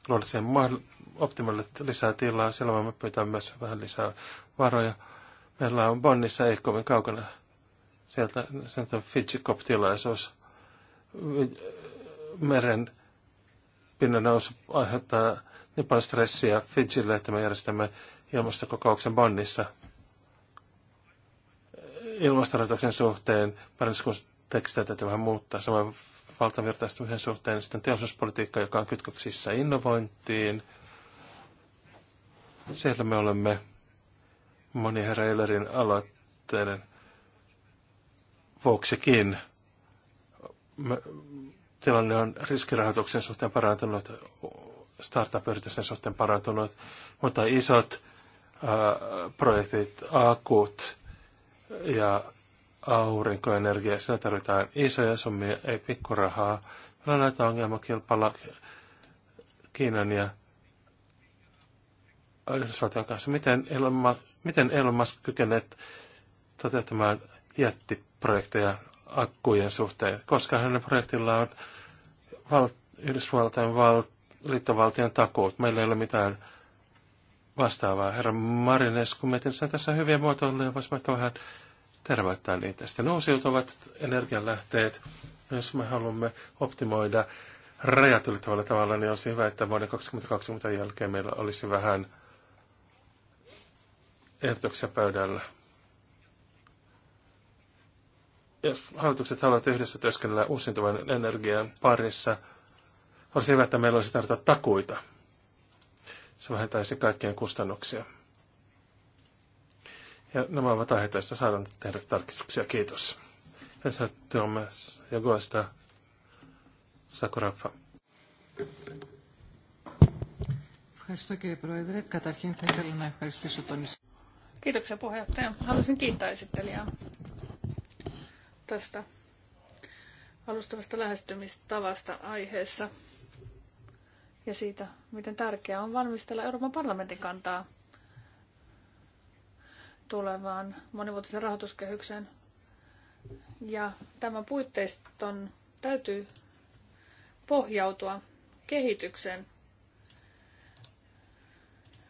luoda siihen mahdollisuuden optimaalille lisää tilaa, siellä voimme pyytää myös vähän lisää varoja. Meillä on Bonnissa, ei kovin kaukana, sieltä sanotaan Fidjikop-tilaisuus. Meren pinnan nousu aiheuttaa niin paljon stressiä Fidjille, että me järjestämme ilmastokokouksen Bonnissa ilmastorajoituksen suhteen tekstiä täytyy vähän muuttaa. Samoin valtavirtaistumisen suhteen sitten teollisuuspolitiikka, joka on kytköksissä innovointiin – siellä me olemme moni herra Ellerin aloitteiden vuoksikin. Me, tilanne on riskirahoituksen suhteen parantunut, startup-yritysten suhteen parantunut, mutta isot ää, projektit, akut ja aurinkoenergia, siinä tarvitaan isoja summia, ei pikkurahaa. Meillä on näitä ongelmakilpailla Kiinan ja Yhdysvaltain kanssa. Miten Elon, Musk, miten Elon Musk kykenee toteuttamaan jättiprojekteja akkujen suhteen, koska hänen projektillaan on val- Yhdysvaltain val- liittovaltion takuut. Meillä ei ole mitään vastaavaa. Herra Marines, kun mietin sen tässä hyviä muotoiluja, voisi vaikka vähän terveyttää niitä. Sitten uusiutuvat energianlähteet, jos me haluamme optimoida rajat ylittävällä tavalla, niin olisi hyvä, että vuoden 2020 jälkeen meillä olisi vähän ehdotuksia pöydällä. Jos hallitukset haluavat yhdessä työskennellä uusintuvan energian parissa, olisi hyvä, että meillä olisi tarjota takuita. Se vähentäisi kaikkien kustannuksia. Ja nämä ovat aiheita, joista saadaan tehdä tarkistuksia. Kiitos. Tässä Thomas ja Gosta Sakuraffa. Ευχαριστώ κύριε Πρόεδρε. Καταρχήν θα ήθελα να ευχαριστήσω τον Kiitoksia puheenjohtaja. Haluaisin kiittää esittelijää tästä alustavasta lähestymistavasta aiheessa ja siitä, miten tärkeää on valmistella Euroopan parlamentin kantaa tulevaan monivuotisen rahoituskehykseen. Ja tämän puitteiston täytyy pohjautua kehitykseen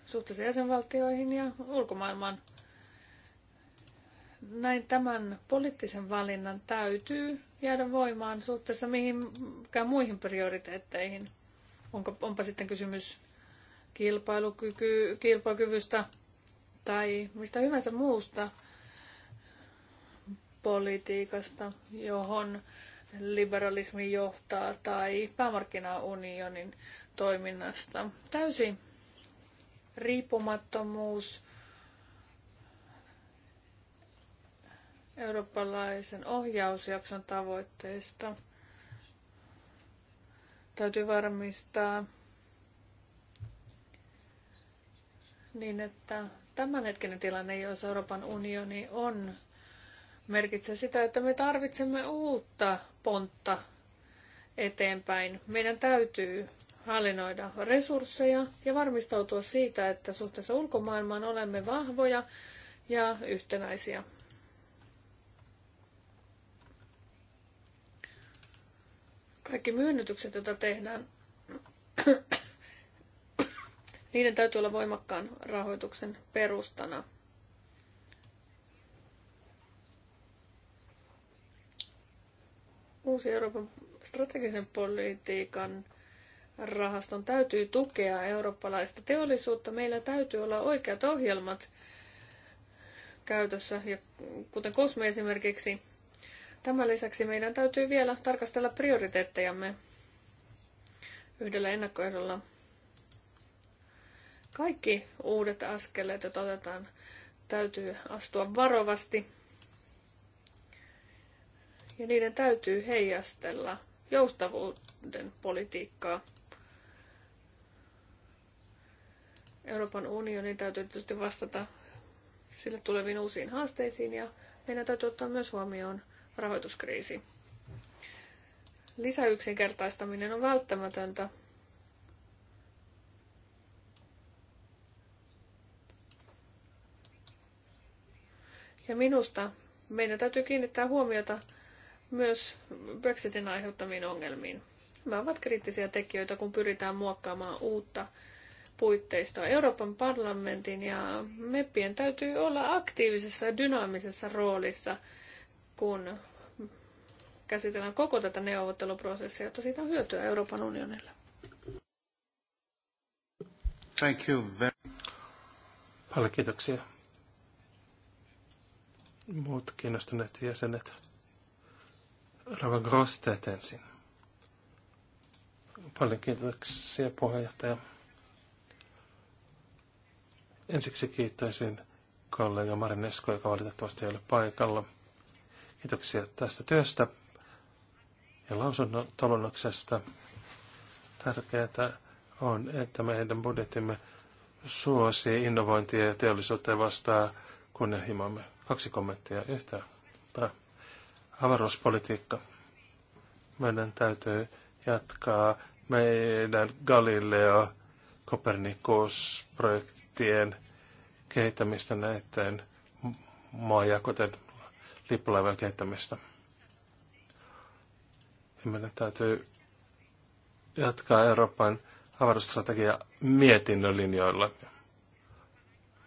suhteessa jäsenvaltioihin ja ulkomaailmaan. Näin tämän poliittisen valinnan täytyy jäädä voimaan suhteessa mihinkään muihin prioriteetteihin. Onko, onpa sitten kysymys kilpailukyky, kilpailukyvystä tai mistä hyvänsä muusta politiikasta, johon liberalismi johtaa tai päämarkkinaunionin toiminnasta. Täysi riippumattomuus, eurooppalaisen ohjausjakson tavoitteista. Täytyy varmistaa niin, että tämänhetkinen tilanne, jos Euroopan unioni on, merkitsee sitä, että me tarvitsemme uutta pontta eteenpäin. Meidän täytyy hallinnoida resursseja ja varmistautua siitä, että suhteessa ulkomaailmaan olemme vahvoja ja yhtenäisiä. Kaikki myönnytykset, joita tehdään, niiden täytyy olla voimakkaan rahoituksen perustana. Uusi Euroopan strategisen politiikan rahaston täytyy tukea eurooppalaista teollisuutta. Meillä täytyy olla oikeat ohjelmat käytössä, ja kuten Kosme esimerkiksi. Tämän lisäksi meidän täytyy vielä tarkastella prioriteettejamme yhdellä ennakkoehdolla. Kaikki uudet askeleet, joita otetaan, täytyy astua varovasti. Ja niiden täytyy heijastella joustavuuden politiikkaa. Euroopan unionin täytyy tietysti vastata sille tuleviin uusiin haasteisiin ja meidän täytyy ottaa myös huomioon rahoituskriisi. Lisäyksinkertaistaminen on välttämätöntä. Ja minusta meidän täytyy kiinnittää huomiota myös Brexitin aiheuttamiin ongelmiin. Nämä ovat kriittisiä tekijöitä, kun pyritään muokkaamaan uutta puitteista Euroopan parlamentin ja MEPien täytyy olla aktiivisessa ja dynaamisessa roolissa, kun käsitellään koko tätä neuvotteluprosessia, jotta siitä on hyötyä Euroopan unionille. Thank you very... Paljon kiitoksia. Muut kiinnostuneet jäsenet. Rava Grosteet ensin. Paljon kiitoksia puheenjohtaja. Ensiksi kiittäisin kollega Marin Esko, joka valitettavasti ei ole paikalla. Kiitoksia tästä työstä ja lausunnotolonnoksesta. Tärkeää on, että meidän budjettimme suosii innovointia ja teollisuutta vastaa kunnianhimomme. Kaksi kommenttia yhtä. Avaruuspolitiikka. Meidän täytyy jatkaa meidän Galileo Copernicus-projekti reittien kehittämistä näiden maajaa, kuten lippulaivojen kehittämistä. Ja meidän täytyy jatkaa Euroopan avaruusstrategia mietinnön linjoilla.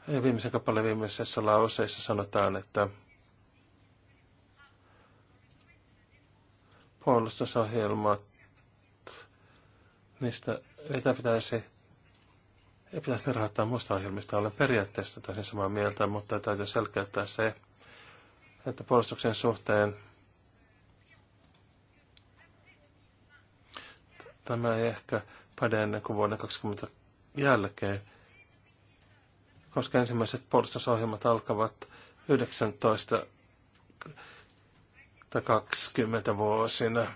Ja viimeisen kappaleen viimeisessä lauseessa sanotaan, että puolustusohjelmat, niistä niitä pitäisi ei pitäisi rahoittaa muista ohjelmista. Olen periaatteessa täysin samaa mieltä, mutta täytyy selkeyttää se, että puolustuksen suhteen tämä ei ehkä päde ennen kuin vuoden 2020 jälkeen, koska ensimmäiset puolustusohjelmat alkavat 19 tai 20 vuosina.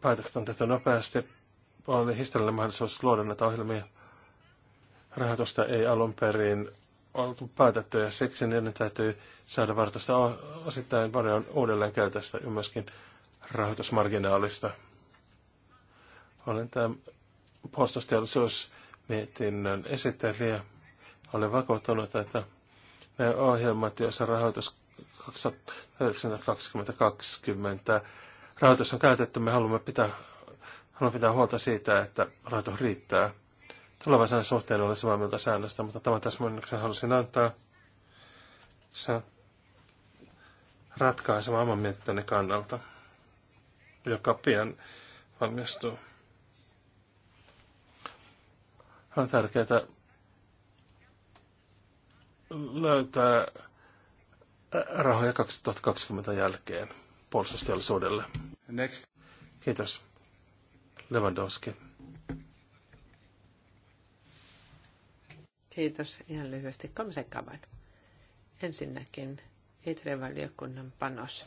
päätökset on tehty nopeasti on historiallinen mahdollisuus luoda näitä ohjelmia. Rahoitusta ei alun perin oltu päätetty ja siksi niiden täytyy saada vartosta osittain paljon uudelleen käytöstä ja myöskin rahoitusmarginaalista. Olen tämä puolustusteollisuusmietinnön esittelijä. Olen vakuuttunut, että ne ohjelmat, joissa rahoitus 2020 rahoitus on käytetty, me haluamme pitää Haluan pitää huolta siitä, että rahoitus riittää. Tulevaisuuden suhteen olen samaa mieltä säännöstä, mutta tämä täsmennyksen halusin antaa. Se ratkaisema oman mietintöni kannalta, joka pian valmistuu. On tärkeää löytää rahoja 2020 jälkeen puolustusteollisuudelle. Next. Kiitos. Lewandowski. Kiitos. Ihan lyhyesti komisekka vain. Ensinnäkin ITRE-valiokunnan panos.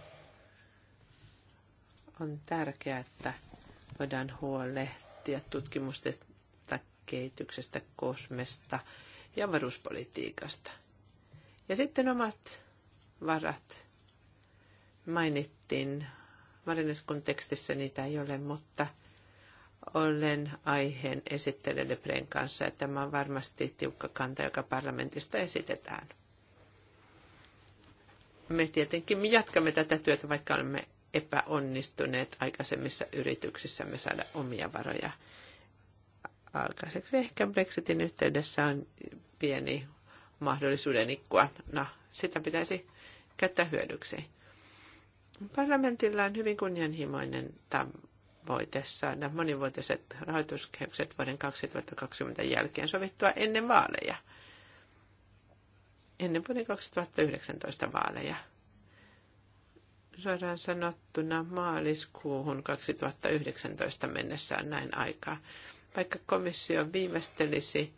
On tärkeää, että voidaan huolehtia tutkimuksesta, kehityksestä, kosmesta ja varuspolitiikasta. Ja sitten omat varat mainittiin. Marineskun tekstissä niitä ei ole, mutta – olen aiheen esittelijä Debren kanssa, että tämä on varmasti tiukka kanta, joka parlamentista esitetään. Me tietenkin jatkamme tätä työtä, vaikka olemme epäonnistuneet aikaisemmissa yrityksissämme saada omia varoja alkaiseksi. Ehkä Brexitin yhteydessä on pieni mahdollisuuden ikkua. No, sitä pitäisi käyttää hyödyksi. Parlamentilla on hyvin kunnianhimoinen tavoite voite saada monivuotiset rahoituskehykset vuoden 2020 jälkeen sovittua ennen vaaleja. Ennen vuoden 2019 vaaleja. Suoraan sanottuna maaliskuuhun 2019 mennessä on näin aikaa. Vaikka komissio viimeistelisi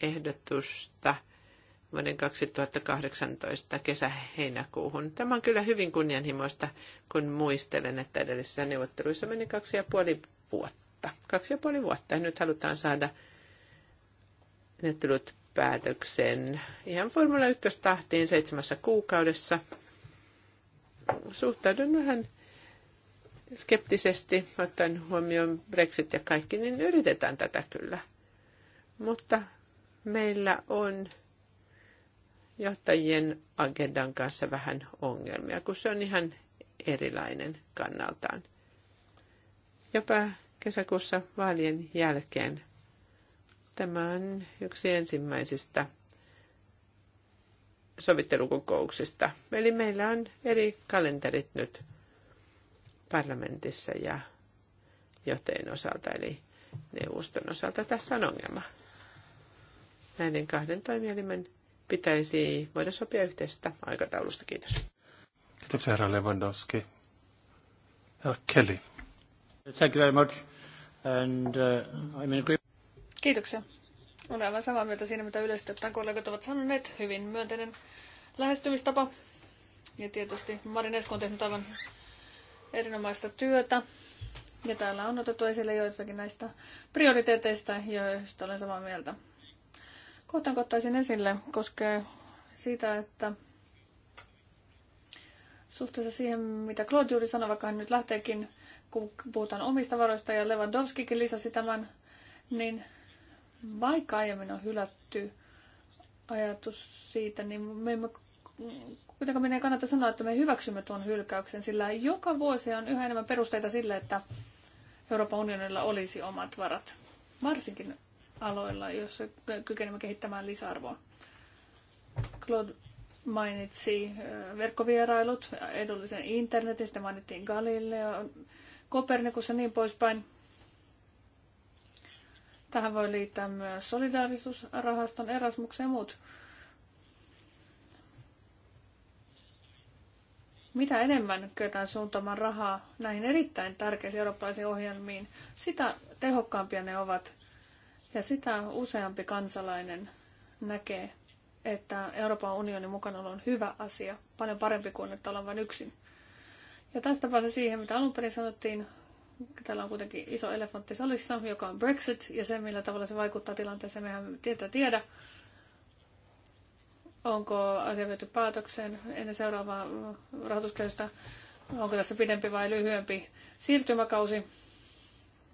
ehdotusta – vuoden 2018 kesä-heinäkuuhun. Tämä on kyllä hyvin kunnianhimoista, kun muistelen, että edellisissä neuvotteluissa meni kaksi ja puoli vuotta. Kaksi ja puoli vuotta ja nyt halutaan saada neuvottelut päätöksen ihan Formula 1 tahtiin seitsemässä kuukaudessa. Suhtaudun vähän skeptisesti, ottaen huomioon Brexit ja kaikki, niin yritetään tätä kyllä. Mutta meillä on johtajien agendan kanssa vähän ongelmia, kun se on ihan erilainen kannaltaan. Jopa kesäkuussa vaalien jälkeen tämä on yksi ensimmäisistä sovittelukokouksista. Eli meillä on eri kalenterit nyt parlamentissa ja johtajien osalta, eli neuvoston osalta. Tässä on ongelma näiden kahden toimielimen pitäisi voida sopia yhteisestä aikataulusta. Kiitos. Kiitoksia, herra Lewandowski. Herra Kelly. Thank you very much. And, uh, I'm in Kiitoksia. Olen aivan samaa mieltä siinä, mitä yleisesti ottaen kollegat ovat sanoneet. Hyvin myönteinen lähestymistapa. Ja tietysti Marin Esko on tehnyt aivan erinomaista työtä. Ja täällä on otettu esille joitakin näistä prioriteeteista, joista olen samaa mieltä kohtaan ottaisin esille, koskee sitä, että suhteessa siihen, mitä Claude juuri sanoi, vaikka hän nyt lähteekin, kun puhutaan omista varoista ja Lewandowskikin lisäsi tämän, niin vaikka aiemmin on hylätty ajatus siitä, niin me emme kuitenkaan meidän kannata sanoa, että me hyväksymme tuon hylkäyksen, sillä joka vuosi on yhä enemmän perusteita sille, että Euroopan unionilla olisi omat varat. Varsinkin aloilla, joissa kykenemme kehittämään lisäarvoa. Claude mainitsi äh, verkkovierailut, edullisen internetin, sitten mainittiin Galileo, Kopernikus ja niin poispäin. Tähän voi liittää myös solidaarisuusrahaston Erasmuksen ja muut. Mitä enemmän kyetään suuntaamaan rahaa näihin erittäin tärkeisiin eurooppalaisiin ohjelmiin, sitä tehokkaampia ne ovat ja sitä useampi kansalainen näkee, että Euroopan unionin mukana on hyvä asia, paljon parempi kuin että ollaan vain yksin. Ja tästä pääsee siihen, mitä alun perin sanottiin, täällä on kuitenkin iso elefantti salissa, joka on Brexit, ja se, millä tavalla se vaikuttaa tilanteeseen, mehän tietää tiedä. Onko asia viety päätökseen ennen seuraavaa rahoituskehystä? Onko tässä pidempi vai lyhyempi siirtymäkausi?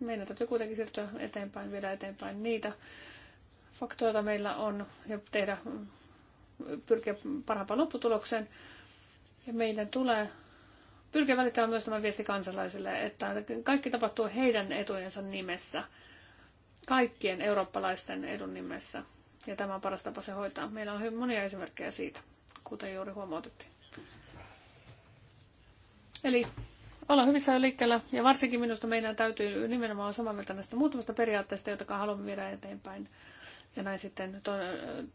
meidän täytyy kuitenkin siirtyä eteenpäin, viedä eteenpäin niitä faktoita meillä on ja tehdä, pyrkiä parhaimpaan lopputulokseen. Ja meidän tulee pyrkiä välittämään myös tämä viesti kansalaisille, että kaikki tapahtuu heidän etujensa nimessä, kaikkien eurooppalaisten edun nimessä. Ja tämä on paras tapa se hoitaa. Meillä on hyvin monia esimerkkejä siitä, kuten juuri huomautettiin. Eli olla hyvissä liikkeellä ja varsinkin minusta meidän täytyy nimenomaan olla samaa mieltä näistä muutamasta periaatteesta, joita haluamme viedä eteenpäin. Ja näin sitten to-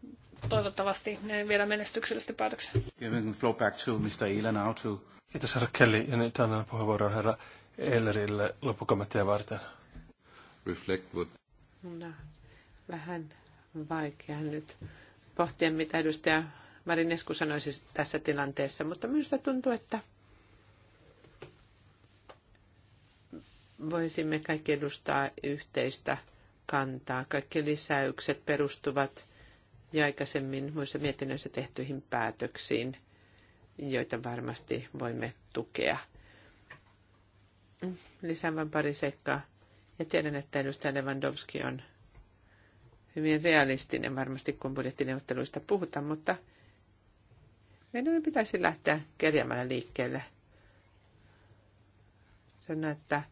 toivottavasti ne viedään menestyksellisesti päätökseen. Giving flow back to Mr. Ilan Autu. Kiitos herra Kelly ja nyt annan puheenvuoron herra Ellerille loppukommentteja varten. Reflect what... No, vähän vaikea nyt pohtia, mitä edustaja Marinesku sanoisi tässä tilanteessa, mutta minusta tuntuu, että voisimme kaikki edustaa yhteistä kantaa. Kaikki lisäykset perustuvat ja aikaisemmin muissa mietinnöissä tehtyihin päätöksiin, joita varmasti voimme tukea. Lisään vain pari seikkaa. Ja tiedän, että edustaja Lewandowski on hyvin realistinen varmasti, kun budjettineuvotteluista puhutaan, mutta meidän pitäisi lähteä kerjäämällä liikkeelle. Sanoa, että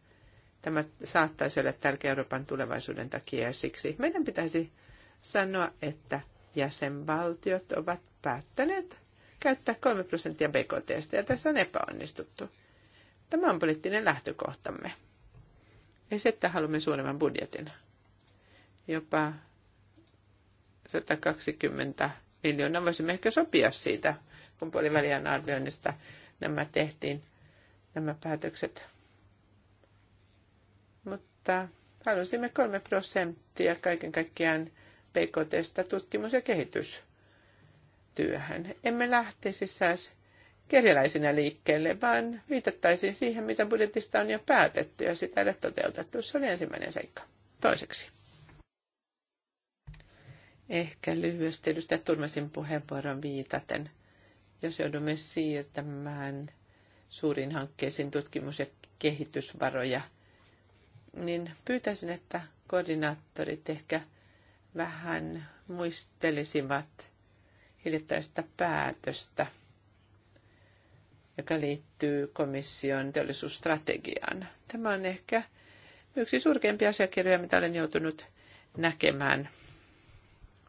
Tämä saattaisi olla tärkeä Euroopan tulevaisuuden takia ja siksi meidän pitäisi sanoa, että jäsenvaltiot ovat päättäneet käyttää 3 prosenttia BKT, ja tässä on epäonnistuttu. Tämä on poliittinen lähtökohtamme. Ei se, että haluamme suuremman budjetin. Jopa 120 miljoonaa voisimme ehkä sopia siitä, kun puolivälien arvioinnista nämä tehtiin, nämä päätökset että halusimme kolme prosenttia kaiken kaikkiaan pkt tutkimus- ja kehitystyöhön. Emme lähtisi siis kerjäläisinä liikkeelle, vaan viitattaisiin siihen, mitä budjetista on jo päätetty ja sitä ei ole toteutettu. Se oli ensimmäinen seikka. Toiseksi. Ehkä lyhyesti edustaja Turmasin puheenvuoron viitaten, jos joudumme siirtämään suuriin hankkeisiin tutkimus- ja kehitysvaroja – niin pyytäisin, että koordinaattorit ehkä vähän muistelisivat hiljattaista päätöstä, joka liittyy komission teollisuusstrategiaan. Tämä on ehkä yksi surkeimpia asiakirjoja, mitä olen joutunut näkemään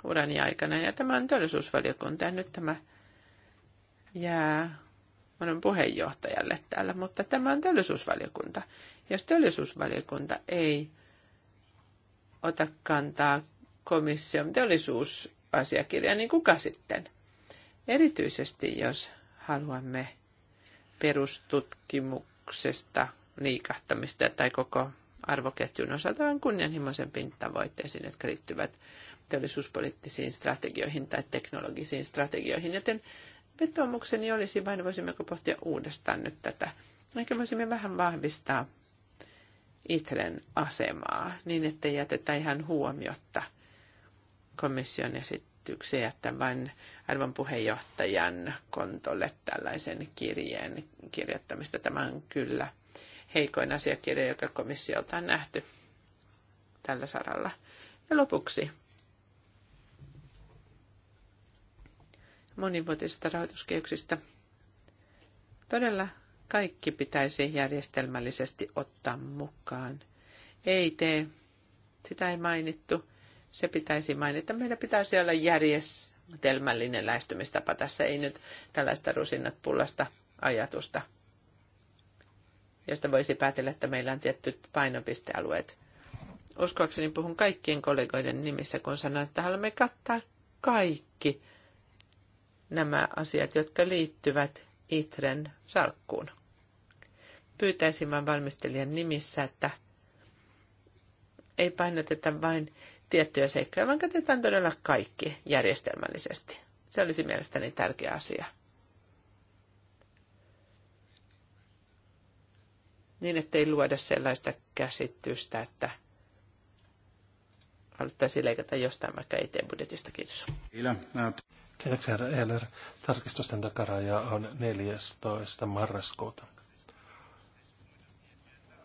urani aikana. Ja tämä on teollisuusvaliokunta. Ja nyt tämä jää valiokunnan puheenjohtajalle täällä, mutta tämä on teollisuusvaliokunta. Jos teollisuusvaliokunta ei ota kantaa komission teollisuusasiakirjaan, niin kuka sitten? Erityisesti jos haluamme perustutkimuksesta liikahtamista tai koko arvoketjun osalta vähän kunnianhimoisempiin tavoitteisiin, jotka liittyvät teollisuuspoliittisiin strategioihin tai teknologisiin strategioihin, joten Vetomukseni olisi vain, voisimmeko pohtia uudestaan nyt tätä. Ehkä voisimme vähän vahvistaa itselleen asemaa niin, ettei jätetä ihan huomiotta komission esitykseen, että vain arvon puheenjohtajan kontolle tällaisen kirjeen kirjoittamista. Tämä on kyllä heikoin asiakirja, joka komissiolta on nähty tällä saralla. Ja lopuksi monivuotisista rahoituskehyksistä. Todella kaikki pitäisi järjestelmällisesti ottaa mukaan. Ei tee, sitä ei mainittu, se pitäisi mainita. Meillä pitäisi olla järjestelmällinen lähestymistapa. Tässä ei nyt tällaista rusinnat pullasta ajatusta, josta voisi päätellä, että meillä on tiettyt painopistealueet. Uskoakseni puhun kaikkien kollegoiden nimissä, kun sanon, että haluamme kattaa kaikki nämä asiat, jotka liittyvät Itren salkkuun. Pyytäisin vain valmistelijan nimissä, että ei painoteta vain tiettyjä seikkoja, vaan katsotaan todella kaikki järjestelmällisesti. Se olisi mielestäni tärkeä asia. Niin, ettei luoda sellaista käsitystä, että haluttaisiin leikata jostain vaikka eteen budjetista Kiitos. Kiitoksia, herra Tarkistusten takaraja on 14. marraskuuta.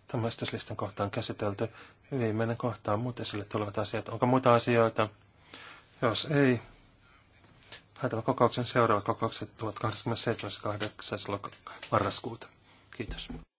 Tämä esityslistan kohta on käsitelty. Viimeinen kohta on muut esille tulevat asiat. Onko muita asioita? Jos ei, päätävä kokouksen seuraava kokoukset 27.8. marraskuuta. Kiitos.